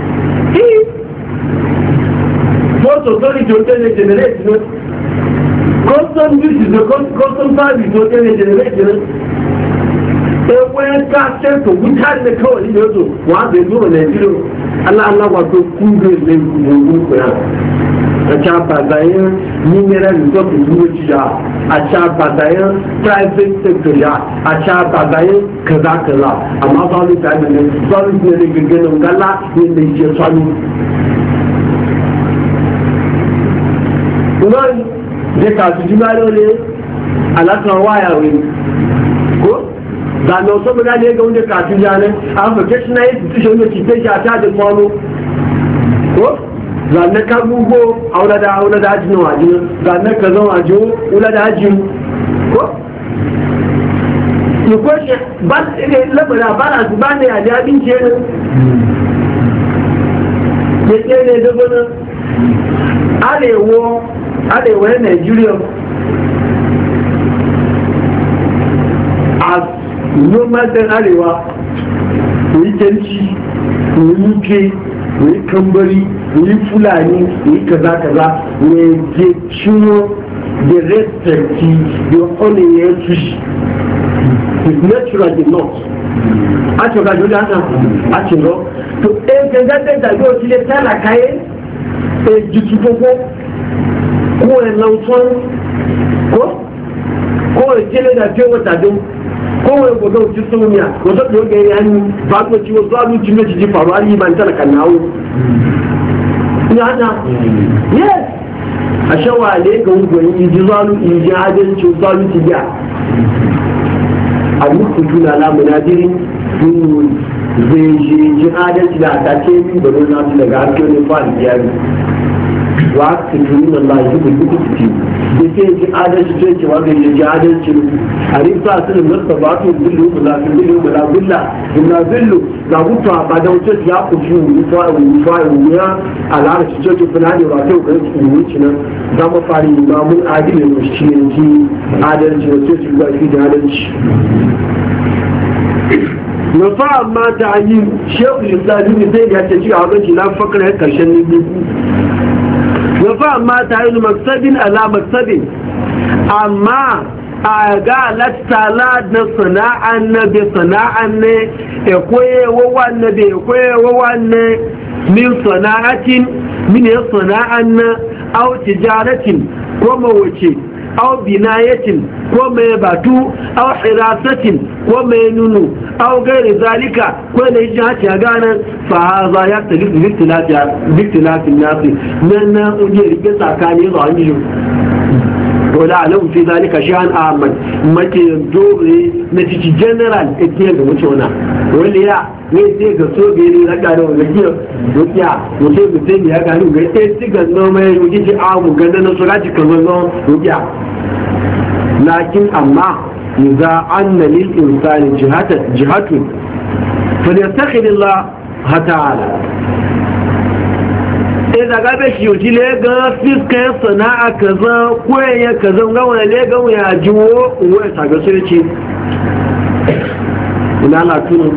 B: authority ó tẹ́lẹ̀ generate lọ custom duties lọ custom service ó tẹ́lẹ̀ generate lọ ẹwẹ́ ká sẹ́tò wíjáde káwọn ní ọdún wọn àbẹ̀ dúró nàìjíríà aláàláwà tó kú gbé lẹ́yìn ìwọ̀n ìpínlẹ̀ àti àbàdáyán mineral resources lójú yá àti àbàdáyán private sector yá àti àbàdáyán kẹlákẹlá àmọ́ báwọn ní sáyẹn ní báwọn ní gẹ́gẹ́ náà ńgá lá ní ilé iṣẹ́ sọ́nù. ìmọ̀ọ́nì jẹ́ kàtúntì bá lóore alákan wáyà rẹ̀ kó gbàgbọ́ sọ́mọdé alẹ́ gẹ́gẹ́ oúnjẹ kàtúntì alẹ́ àwọn fẹ̀kẹ́sìnà institution ló ti gbé ṣe àti àjẹpọ̀ ọmọ kó gbàgbọ́ ká gbogbo àwọn dada àwọn dada àjùnà àjùnà gbàgbọ́ kẹsàn-án kó ìkọ́ṣe lẹ́gbẹ̀rẹ̀ àbálàsì a Arewa Nigeria as normal ɗan Arewa ku yi kyanci, ku yi nuke, ku yi kambari, ku yi fulani, ku yi kaza-kaza, ne je ciwo the respect your only entry is natural enough. àtìọ̀gá ló dáná àtìlọ́ tó ẹgbẹ̀gbẹ̀gbẹ̀gbẹ̀ yóò ti lè tẹ́lá káyé èjì tuntun kó ẹ ko sọ́n kó kó ẹ wata dà tí ó wọ́n tàdó kó ẹ gbọ́dọ̀ ojú sóun yà gbọ́dọ̀ tó gẹ̀ yà ni bàgbọ́ tí o zọ́ àlù tí méjì ti faru ayé ìbá nítorí kàná o. Nyana yes ale ka wugo yi ji zalu yi ji adalci zalu ti ya a duk kutuna la munajirin dun zai ji adalci da ta ce min da na su daga hakkin fa'al biyar wa ta tuni Allah ya kuma duk kuci da ke ji adalci ce ce wa ga ji adalci a rifa sun nasta ba to billu bala billu bala billa inna billu ga mutu a ba da wuce ya ku shi wuri fa wuri fa wuri a larabci ce ce fulani ba ta ga su wuri ci nan za mu fara imamun adil ne shi ne ji adalci wato shi ga shi da adalci nufa amma ta yi shekul islam ne zai ya ce ci a wajen na fakar ya karshen ne ya amma ta yi maksadin ala maksadin amma a ga lattala na sana'an na bi sana'an ne e koye wawan na bi e koye ne min sana'atin min ya sana'an na au tijaratin ko mawace aw binayatin ko mai batu aw hirasatin ko mai nunu aw gairi zalika ko da shi hace gana fa hadha yaktalif bi ikhtilafi bi ikhtilafi nasi nan na uje rike tsakani zuwa ولا له في ذلك شأن آمن متي دوري نتيجة جنرال اتنين وشونا واللي يا ويسي كسو بيري لكارو لكيو وكيا وكيا وكيا يا كانو ويسي كسو مي وكيا آمو غنن سراجي كمزون وكيا لكن أما إذا أن للإنسان جهات جهات فليتخذ الله تعالى sai zaga bai shi yuti le ga fiskan sana'a kaza ko ya kaza ga wani le ga jiwo ajiwo wai saga sai ce na tunu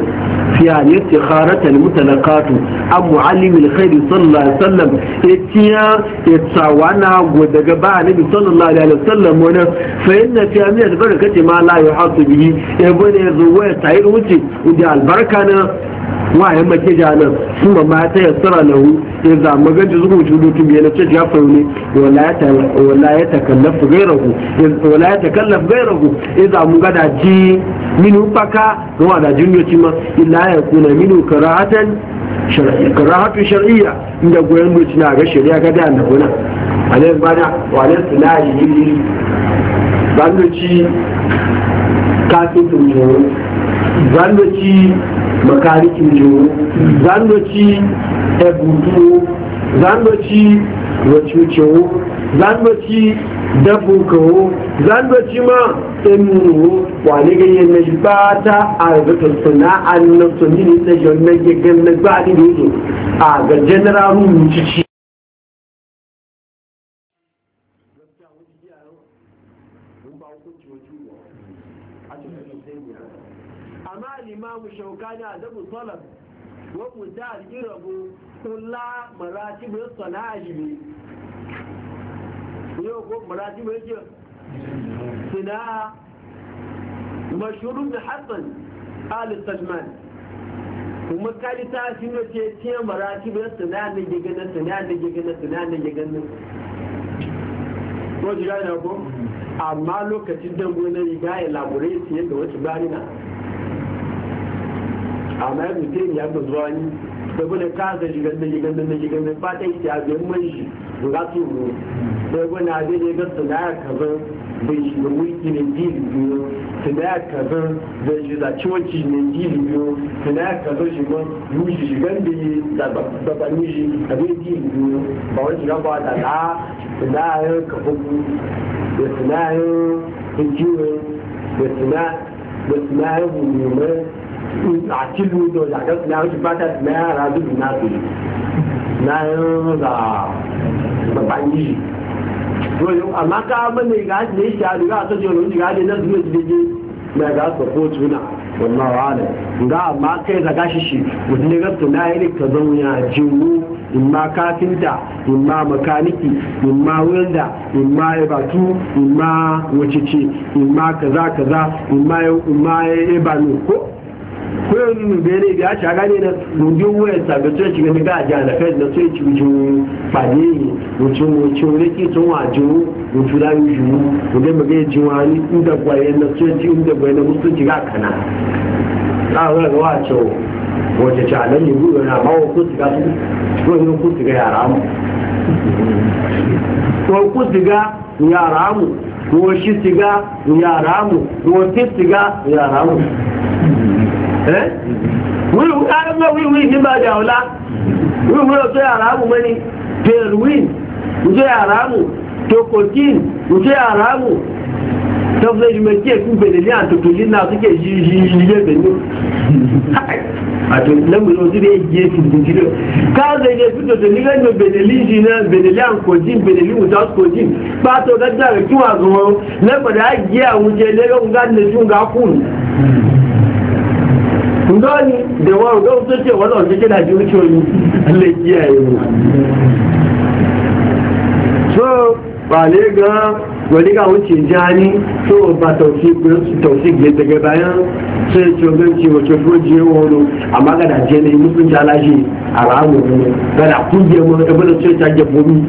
B: fi an istikharatan mutalaqatu am muallim alkhair sallallahu alaihi wasallam etiya etsawana go daga ba nabi sallallahu alaihi wasallam wani fa inna fi amiyat barakati ma la yuhasu bihi e bone zuwa tayi wuce da albarka na waye make jana su ma mata ya tsara na hu ya zama gaji zuwa shudu tun biyar ce ya faru ne wala ya takallafu gairahu wala ya takallafu gairahu ya zamu gada ji minu faka ga wada jinyoci ma illa ya kuna minu karahatan karahatu shar'iyya inda goyon mutu na ga shari'a ga da annabi na alai bana sulahi bandoci kafin bandoci makari injo zandoci ebutu zandoci wacucewo zandoci dabukawo zandoci ma emuwo wane ganye na shi ba ta a rubutar suna a nan sunini na shi wannan gaggan na gbaɗi ne a ga general rumu cici cikin rabu salaf wa kuta al'irabu kula yau ko a mashurin da hassan ali salman kuma kani ta shi ne ce ce na giganin sina'a na giganin sina'a na giganin ko jira na ko amma lokacin dangu na riga ya labure su yadda wacce bani na amma ya mutum ya ga zuwa ni da bude kasa shigar da shigar da shigar da fata ita a biyan man shi ga su mu sai ya ga sanaya kazan da shi da wiki ne jiri biyu sanaya kaza da shi da ciwoci ne jiri biyu sanaya kazan shi ma yushi shigar da yi da bani shi abin jiri ba wani shiga ba da na sanayar kafafu da sanayar hijiyoyi da sanayar hulumai àti lu ìjọ ìyàgẹ́ ní àwọn ti bá tẹ̀sí mẹ́rin ara dùn náà tó yìí náà ń ra amma ka abin da ga da yake a riga ta jiro ni ga da nan zuwa jiji da ga su ko tuna wallahi wala ga amma kai da gashi shi wani ga to na yi ka zauna jiwu in ma kafinta in ma makaniki in ma welda in ma batu in ma wucici in ma kaza kaza in ma ebanu ko ko yanzu mu bere ga ta gane na rubin waya sabe to shi ga ga ja na kai na to shi ju fade mu ci mu ci ne ki to wa ju mu tu da ju mu da mage ji wa ni inda gwaye na to shi inda gwaye na musu ji ga kana na ga ga wa to wace ci alan yi gudu na bawa ku su ga su ko ne ku su ga yara mu ko ku su ga yara mu ko shi su ga yara mu ko ti su ga yara mu wíwú ẹgbẹ́ wíwú ìdíbàjà ọ̀la wíwú ọ̀tọ́ àràmù mẹ́ni tẹ̀rùwìn ọjọ́ àràmù tokotin ọjọ́ àràmù tọ́fẹ́ ìjùmọ̀ tí èkú bèèrè ní àtòtò yìí náà síkè yíyíyíyé ngani da wa ga wasu ce wala wasu kina ji wucewoyi Allah kiyaye mu so ba ne ga wani ga wuce jani so ba tausi ne daga bayan sai cogon ce wace fujiye wani amma ga dajiye ne musun jalashi a ramu ne ga da kungiyar mu da bada ce ta gebomi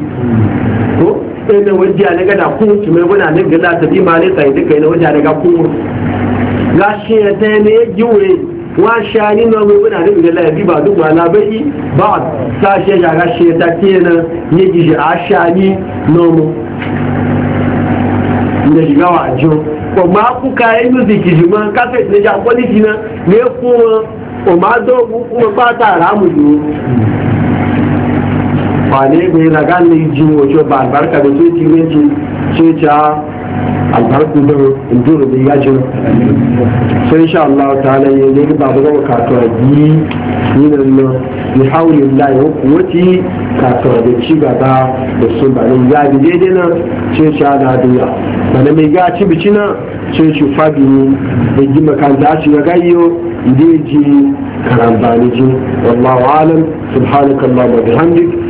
B: ko ɗaya na wajiya ne ga da kun su mai ne ga za ta bi ma ne tsaye duka ne wajiya ne ga kun ya ta ne ya wa shani na mai muna da idan lafi ba duk wala bai ba sa she ga she ta kenan ya ji a shani nomo ne shiga wa jo ko ma ku ka yi music ji ma ka fe ne ja ji na ne ku o ma do ku ku ba ta ra mu ju ba ne bai ragan ne ji wo jo ba barka da ce ji ne ji ce albarku da induru da yajin so insha Allah ta'ala ya ne ba ba ga kato a yi ni da no ni hauli Allah ya wuce kato da ci gaba da su ba ne ya bi daidai na ce sha da duya bana mai ga ci na ce shi fabi da ji makanta shi ga gayyo da ji karambani ji wallahu alam subhanakallahumma wa bihamdika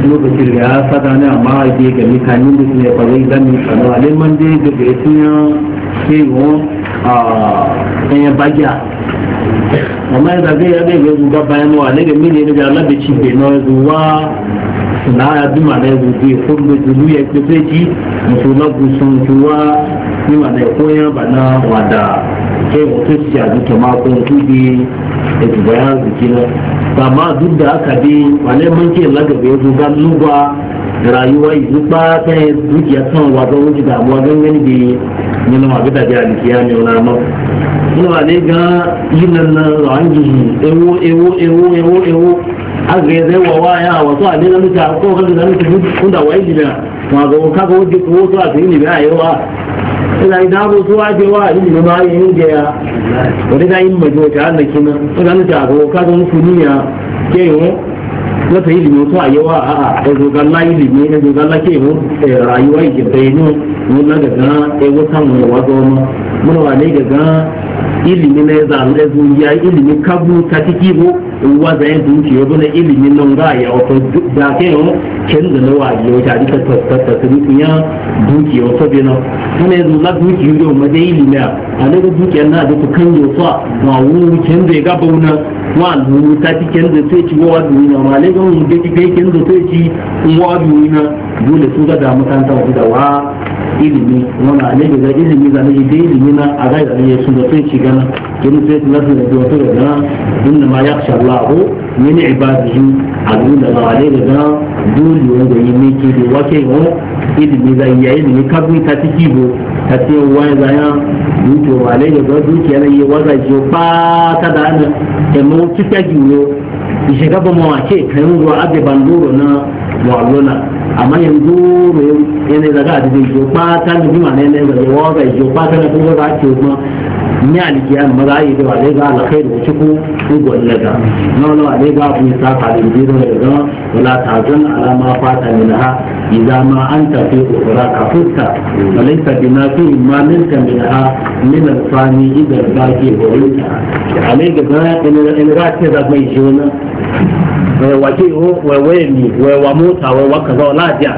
A: lokacin da ya sada ne a mahaifi gani kanin da ne fa
B: zai zami kano alin man dai da ga yasin ya sai a ɗaya bagya amma ya zage ya zai yanzu ba bayan wa ne ga mini ne da Allah da ci bai na yanzu wa na ya bi ma na yanzu bai kullu dulu ya ke sai ci musulman gusun juwa ni ma na ya koyan ba na wada sai mutum ya zuta makon tudi da ki bayan zikina amma duk da haka dai wale mun ke lagabe ya zuga lugwa rayuwa yi ba ta yi dukiya san wa don wuce damuwa don gani da nuna ma gida da alikiya ne wani amma suna ne ga yi nan na rawangi ewo ewo ewo ewo ewo aga ya zai wa waya wasu a ne na mutu a kowace da mutu kun da wa yi jina ma ga wuka ga wuce ko a su yi ne bai a yawa ina ina mu zuwa je wa in ne ma yin da ya wani da yin majo ta Allah kina ina ta go ka zo musu niya ke yo wata ilimi to a yawa a a da zogan yi ilimi ne zogan la ke yo e, rayuwa ke bayinu mun na daga e san mun wa zo mu mun wa ne ga ilimi ne mu da zuwa ilimi kabu ta tiki go waza ya duki ya bula ilimin nan ga ya wato da ke yau ken da na waje ya ta dika tattata su ya duki ya wato bina kuma yanzu na duki ya yau maje ilimi a na ga duki na da ku kan yau fa ma wuri ken da ya gaba wuna wa lulu ta ci ken da sai ci wa duniya ma le ga mun da kai ken da sai ci wa duniya dole su ga da makanta da wa ilimi wannan ne ga ilimi da ne da ilimi na a ga yi ne su da sai ci gana كن سيد نصر الدكتور هنا إنما يخشى الله من عباده أقول الله عليه هنا دول يوم يميكي بوكي هو إذ بذا يعيد يكبني تتكيبه تتيه وين زيا دوتو عليه هنا دوتي أنا يوضع جوبا تدعنا كمو تتجيو ìṣẹ̀dá bọ́mọ àti ìkẹrùn rọ agbèbàndóró náà wà lọ́nà àmọ́ yẹn dóró ẹni ìdàgá àti ìjọ pátá níbi màá ní ẹni ìdàgá ìwọ́ ọ̀gá ìjọ pátá níbi wọ́n bá ti ọgbọ́n ni alikiyan maza yi da wale ga alkhairu da ciku su gwalle ga nono wale ga abu ya saka da biro da ga wala tazun alama fata ha. idza ma anta fi ukhra ka fusta walaysa bima fi ma min ta min ha. Min al-fani idza baqi hurita alayka ga in rati da mai jona wa ke ho wa wani wa mota wa kaza wala ja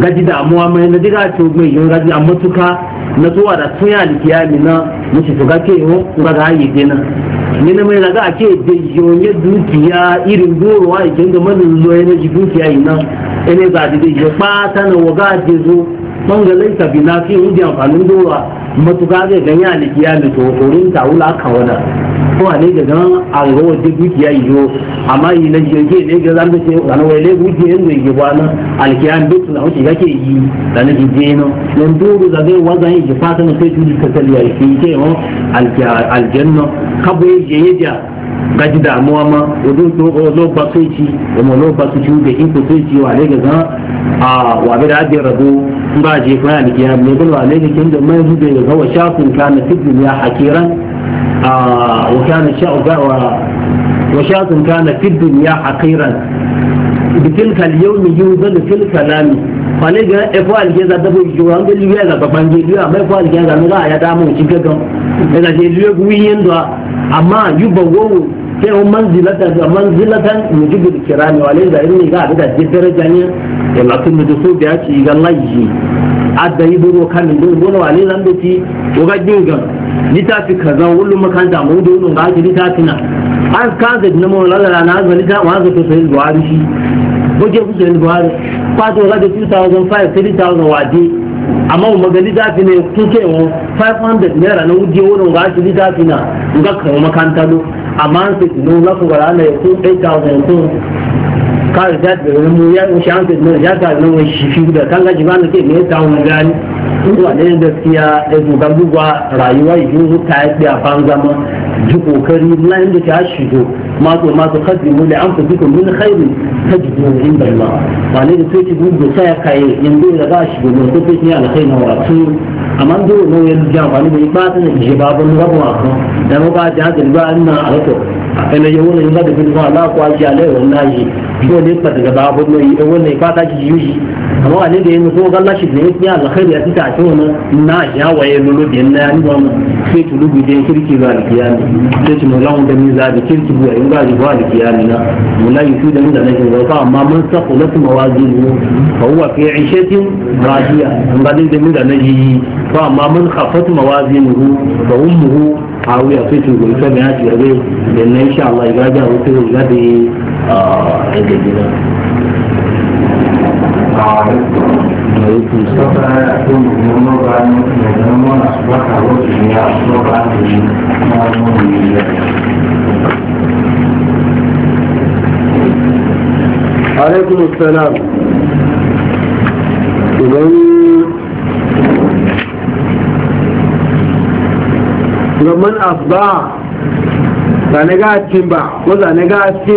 B: gaji damuwa mai na diga to mai jona gaji amma tuka na zuwa da tun ya likiyami na mace to yi yo ga ga yi dena ni na mai daga ake da yonye dukiya irin dorowa ikin da manin yana na dukiya na. ene ba da yi ba ta na waga je zo man ga laisa bi na fi wuce amfanin dowa matuka zai ganya da kiyami to horin ta wula aka wada ko a ne ga gan a ga wace dukiya yi yo amma yi na jirge ne ga zan da wani wai ne wuce yin da yi bana alkiyami duk suna wuce kake yi da na jirge no don doro da zai waza yi ki fata na sai tudu ta taliya ki ke yi aljanna kabo ya je gaji damuwa ma wajen tó sai ci kuma loba su ci da iko sai ci wa daga zan a wabe da ajiyar rabo in ba je kwana da kiyar mai gulwa ne da kin da mai zube da gawa shafin kana fi duniya hakiran a wakana sha'uga wa shafin kana fi duniya hakiran bitilka yau mi yi zan tilka lami wani ga efo algeza dabo yi wa ngali ya ga baban je liya mai efo algeza ne ga ya damu ci gagan daga je liya guyin da amma yubawu sai on manzilatan da manzilatan mujibul kirami walai da irin ga da daraja ne da lakin da so da ci ga laji adda yi duro kan dun gona walai nan da ci to ga ginga litafi kaza wullu makanta mu dun ga ji litafi na an kan da namo lalala na ga litafi wa to sai shi ku sai ga da 2005 3000 waje amma mu ga littafi ne kuke 500 naira na wudi wurin ga shi littafi na ga kawo makanta do a month no n'a ko wala na ko 8000 to ka da da mu ya mu an da ya ka no shi shifi da kan ga jibana ke ne ta mun gani to ne gaskiya da duban duba rayuwa yanzu ta yi a ban zama ji kokari nan da ta shigo ma to ma to khadimu li anfusikum min khairin tajidu inda Allah wale da sai ki gudu sai kai yanzu da ba a gudu ko sai ki alkhairi wa amma do no ya ja ba ni ba ta ne ba ba ni rabu akon da ba ja da ba ina a ko a kana yawo ne da bin ba la kwa ji alai wallahi yau ne fata ga babu ne yi wannan ba ta ji yuji amma wani da yanzu ko galla shi ne ya alkhairi ya tita ta wannan na ya waye lulu bin na ni ba mu sai tulu bi da kirki ba da kiyami sai ci mulan da mi za da kirki ba in ba ji ba da kiyami na mulan yi da mun da nake ba ka amma mun sa kulatu mawazinu fa huwa fi ishatin radiya an ga da mun da nake fa amma mun khafat mawazinu fa ummuhu hawiya fitu gulfa ne ya ce da in sha Allah ya ga da wuce da
A: gẹ́gẹ́ bí náà.
B: Aleyküm selam. Ben Roman asba, zane ga cin ba, ko zane ga ce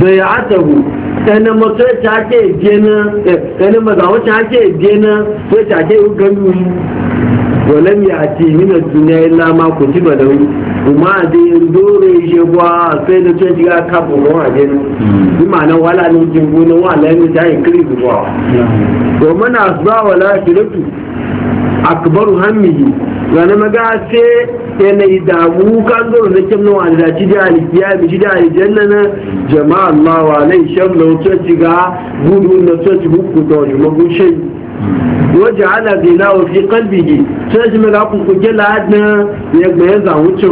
B: da ya atabu ɗanin masu ya cake gina ɗanin mazawa cake gina ya cake yi ganu walam a ce mina duniya yi lama ku ci ba da wuri kuma a da yin dore shi kuwa sai da ce shiga kafin ruwa a gina bi ma'ana wala ne ke gona wala ne ta yi kiri kuwa domin a zuwa wala shiratu akbaru hammihi wani maga sai yanayi damu kan zo da kim na wani daji da alikiya mi ci da aljanna na jama'a Allah wa lai sham da wuce ci ga gudu na so ci hukku da wani magushe wajen ala zina wa fi kalbihi sai shi mega ku ku gela na ya gbe za wuce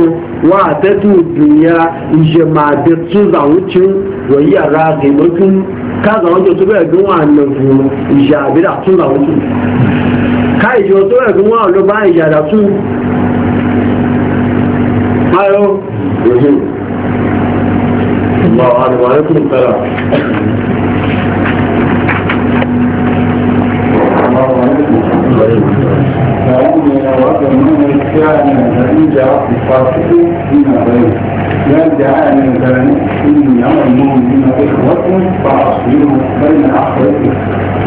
B: wa ta tu duniya jama'a da su za wuce wa yi ara ga mutum ka za wuce su bai ga wannan su jabira tun za wuce ká ìjọ tó ẹ̀kún wọn ló bá ìyàdà tún ayọ́ òjò ìgbà àdìwàlẹ́kùn tẹ́lá
A: لا ادعاء من ذلك إني أمر المؤمنين إخوة فأصلهم بين أخوتهم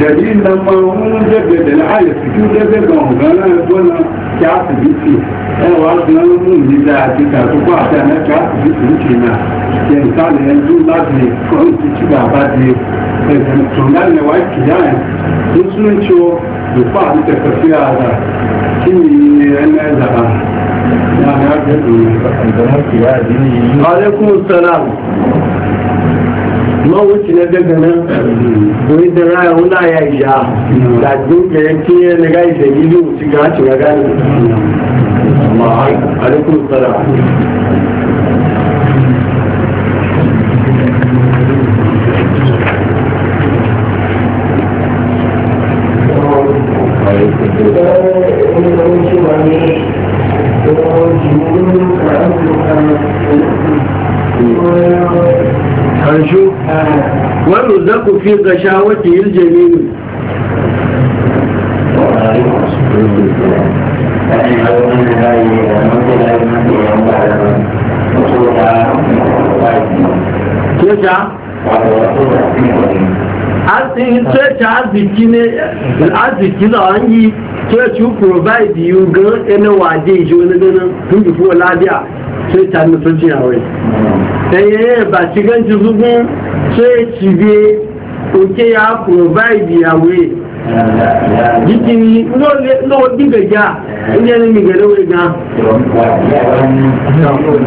A: dalilin nan ma wani jabe da la'ayi su ju jabe ga hukana ya gona ki asibiti ɗaya wa su nan mun yi da ake kasu ko a ta na ki asibiti ke na ya misali yanzu lati kawai ki ci gaba da tunan ne wa ki yayin sun sunan ciwo da fa a ta tafiya da kimi ne yana zaba ya ga yadda ne
B: ba a ma wuce na daga nan wani da raya wula ya isha da duka ya kiyaye na gai da gidi wuce ga ci ga gani amma alaikun sara
A: Thank you.
B: والرزق في غشاوته الجميل Tẹ́ta? Tẹ́ta azìkí ní azìkí náà ń yí tẹ́tù provide you gan ẹnẹ́wàá dé ìjọ onígbẹ́ná fún ìfún ọlá dí à. sai ta mutu ciyawai ɗaya eh, ba ci ganci zugun sai ci be oke ya provide yawe jikini lọ́wọ́ dígbẹ̀ já ní ẹni mi gẹ̀rẹ́ wẹ̀ gan. Ìjọba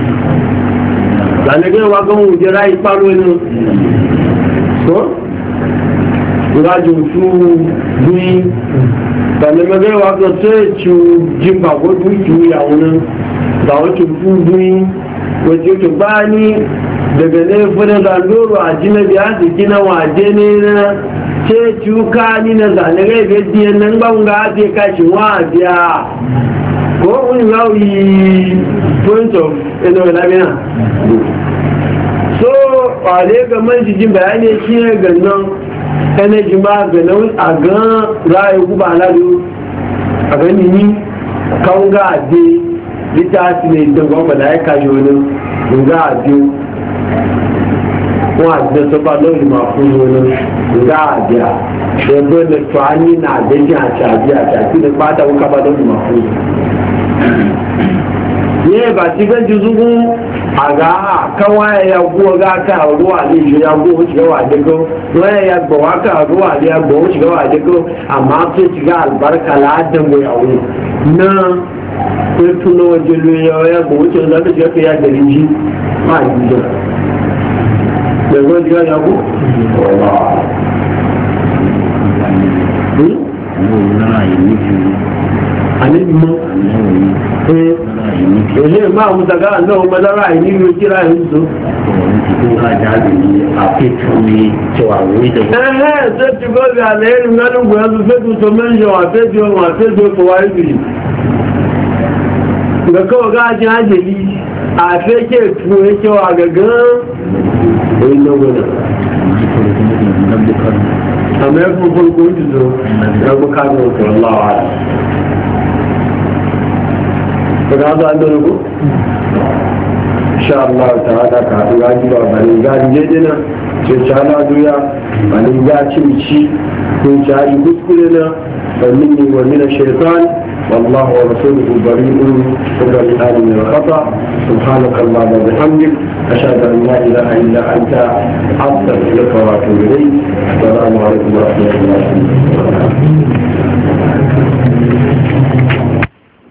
B: gbàlẹ́gbẹ́ wa gan òun jẹra ipá lónìí tó ìrajà òtú bí gbàlẹ́gbẹ́ wa gan tó ètò jípa gbójú ìtú ìyàwó náà gbàwó tó fún bí òtí tó bá ní daga ne funa zandoro a jina biya jiki na waje ne na ce cuka ni na zane ga ko ó ní láwù yìí point of ẹnu ìlàmínà so ọ̀lẹ́ gama jijin bayani kí ẹ gannan ẹnẹ jimá gannan àgán ráyẹ gúbà aládó àgán nìyí kàwọ́gá àdé lítà sí lè dẹ̀gbọ́ pẹ̀lú àyíká yóò ní ǹgá àdé wọn àdé sọ́pà lórí màá fún yóò ní ǹgá àdé à ẹgbẹ́ lè fà á ní nà àdé jẹ́ ta àdé àti àti lè pàtàkùn kábàdé màá fún yóò ye ba ti ga juzugu aga e ya go ga ka ruwa le ya go ci wa de ko wa e ya go wa ka wa le ya go ci wa de ko amma ce ci ga albarka la da mu ya na ko tuno je lu ya ya go ci ya gari ji ma yi da da go ci ga ya go hmm? Allah èlé máa mú daga náà mọ́lára ìnílò kíra ìrìnzó ẹ̀hẹ́ tó ti gọ́bí àlẹ́ ìrìn lálùgbò ẹ̀lú fẹ́tù tó mẹ́jọ àfẹ́jọ ohun àfẹ́jọ tó wà ìbìrì gẹ̀kọ́ ọ̀gá ajé ajèlí àfẹ́jẹ́ fún ẹjọ́ àgẹ̀gán ìlọ́gbọ̀nà àmẹ́fún fún ìgbóhùn jùlọ
A: ẹgbẹ́kánu ọ̀tọ̀ láwárá daga hannu an dole ku insha Allah ta hada ka haɗu ya ji ba bani ga jeje na ce ci hana duya bani ga cimci ko ci haji kuskure na
B: bani ne wa mina shaitan والله ورسوله بريء كل الآن من الخطأ سبحانك اللهم وبحمدك أشهد أن لا إله إلا أنت
A: عبدك لك وأتوب إليك السلام عليكم ورحمة الله وبركاته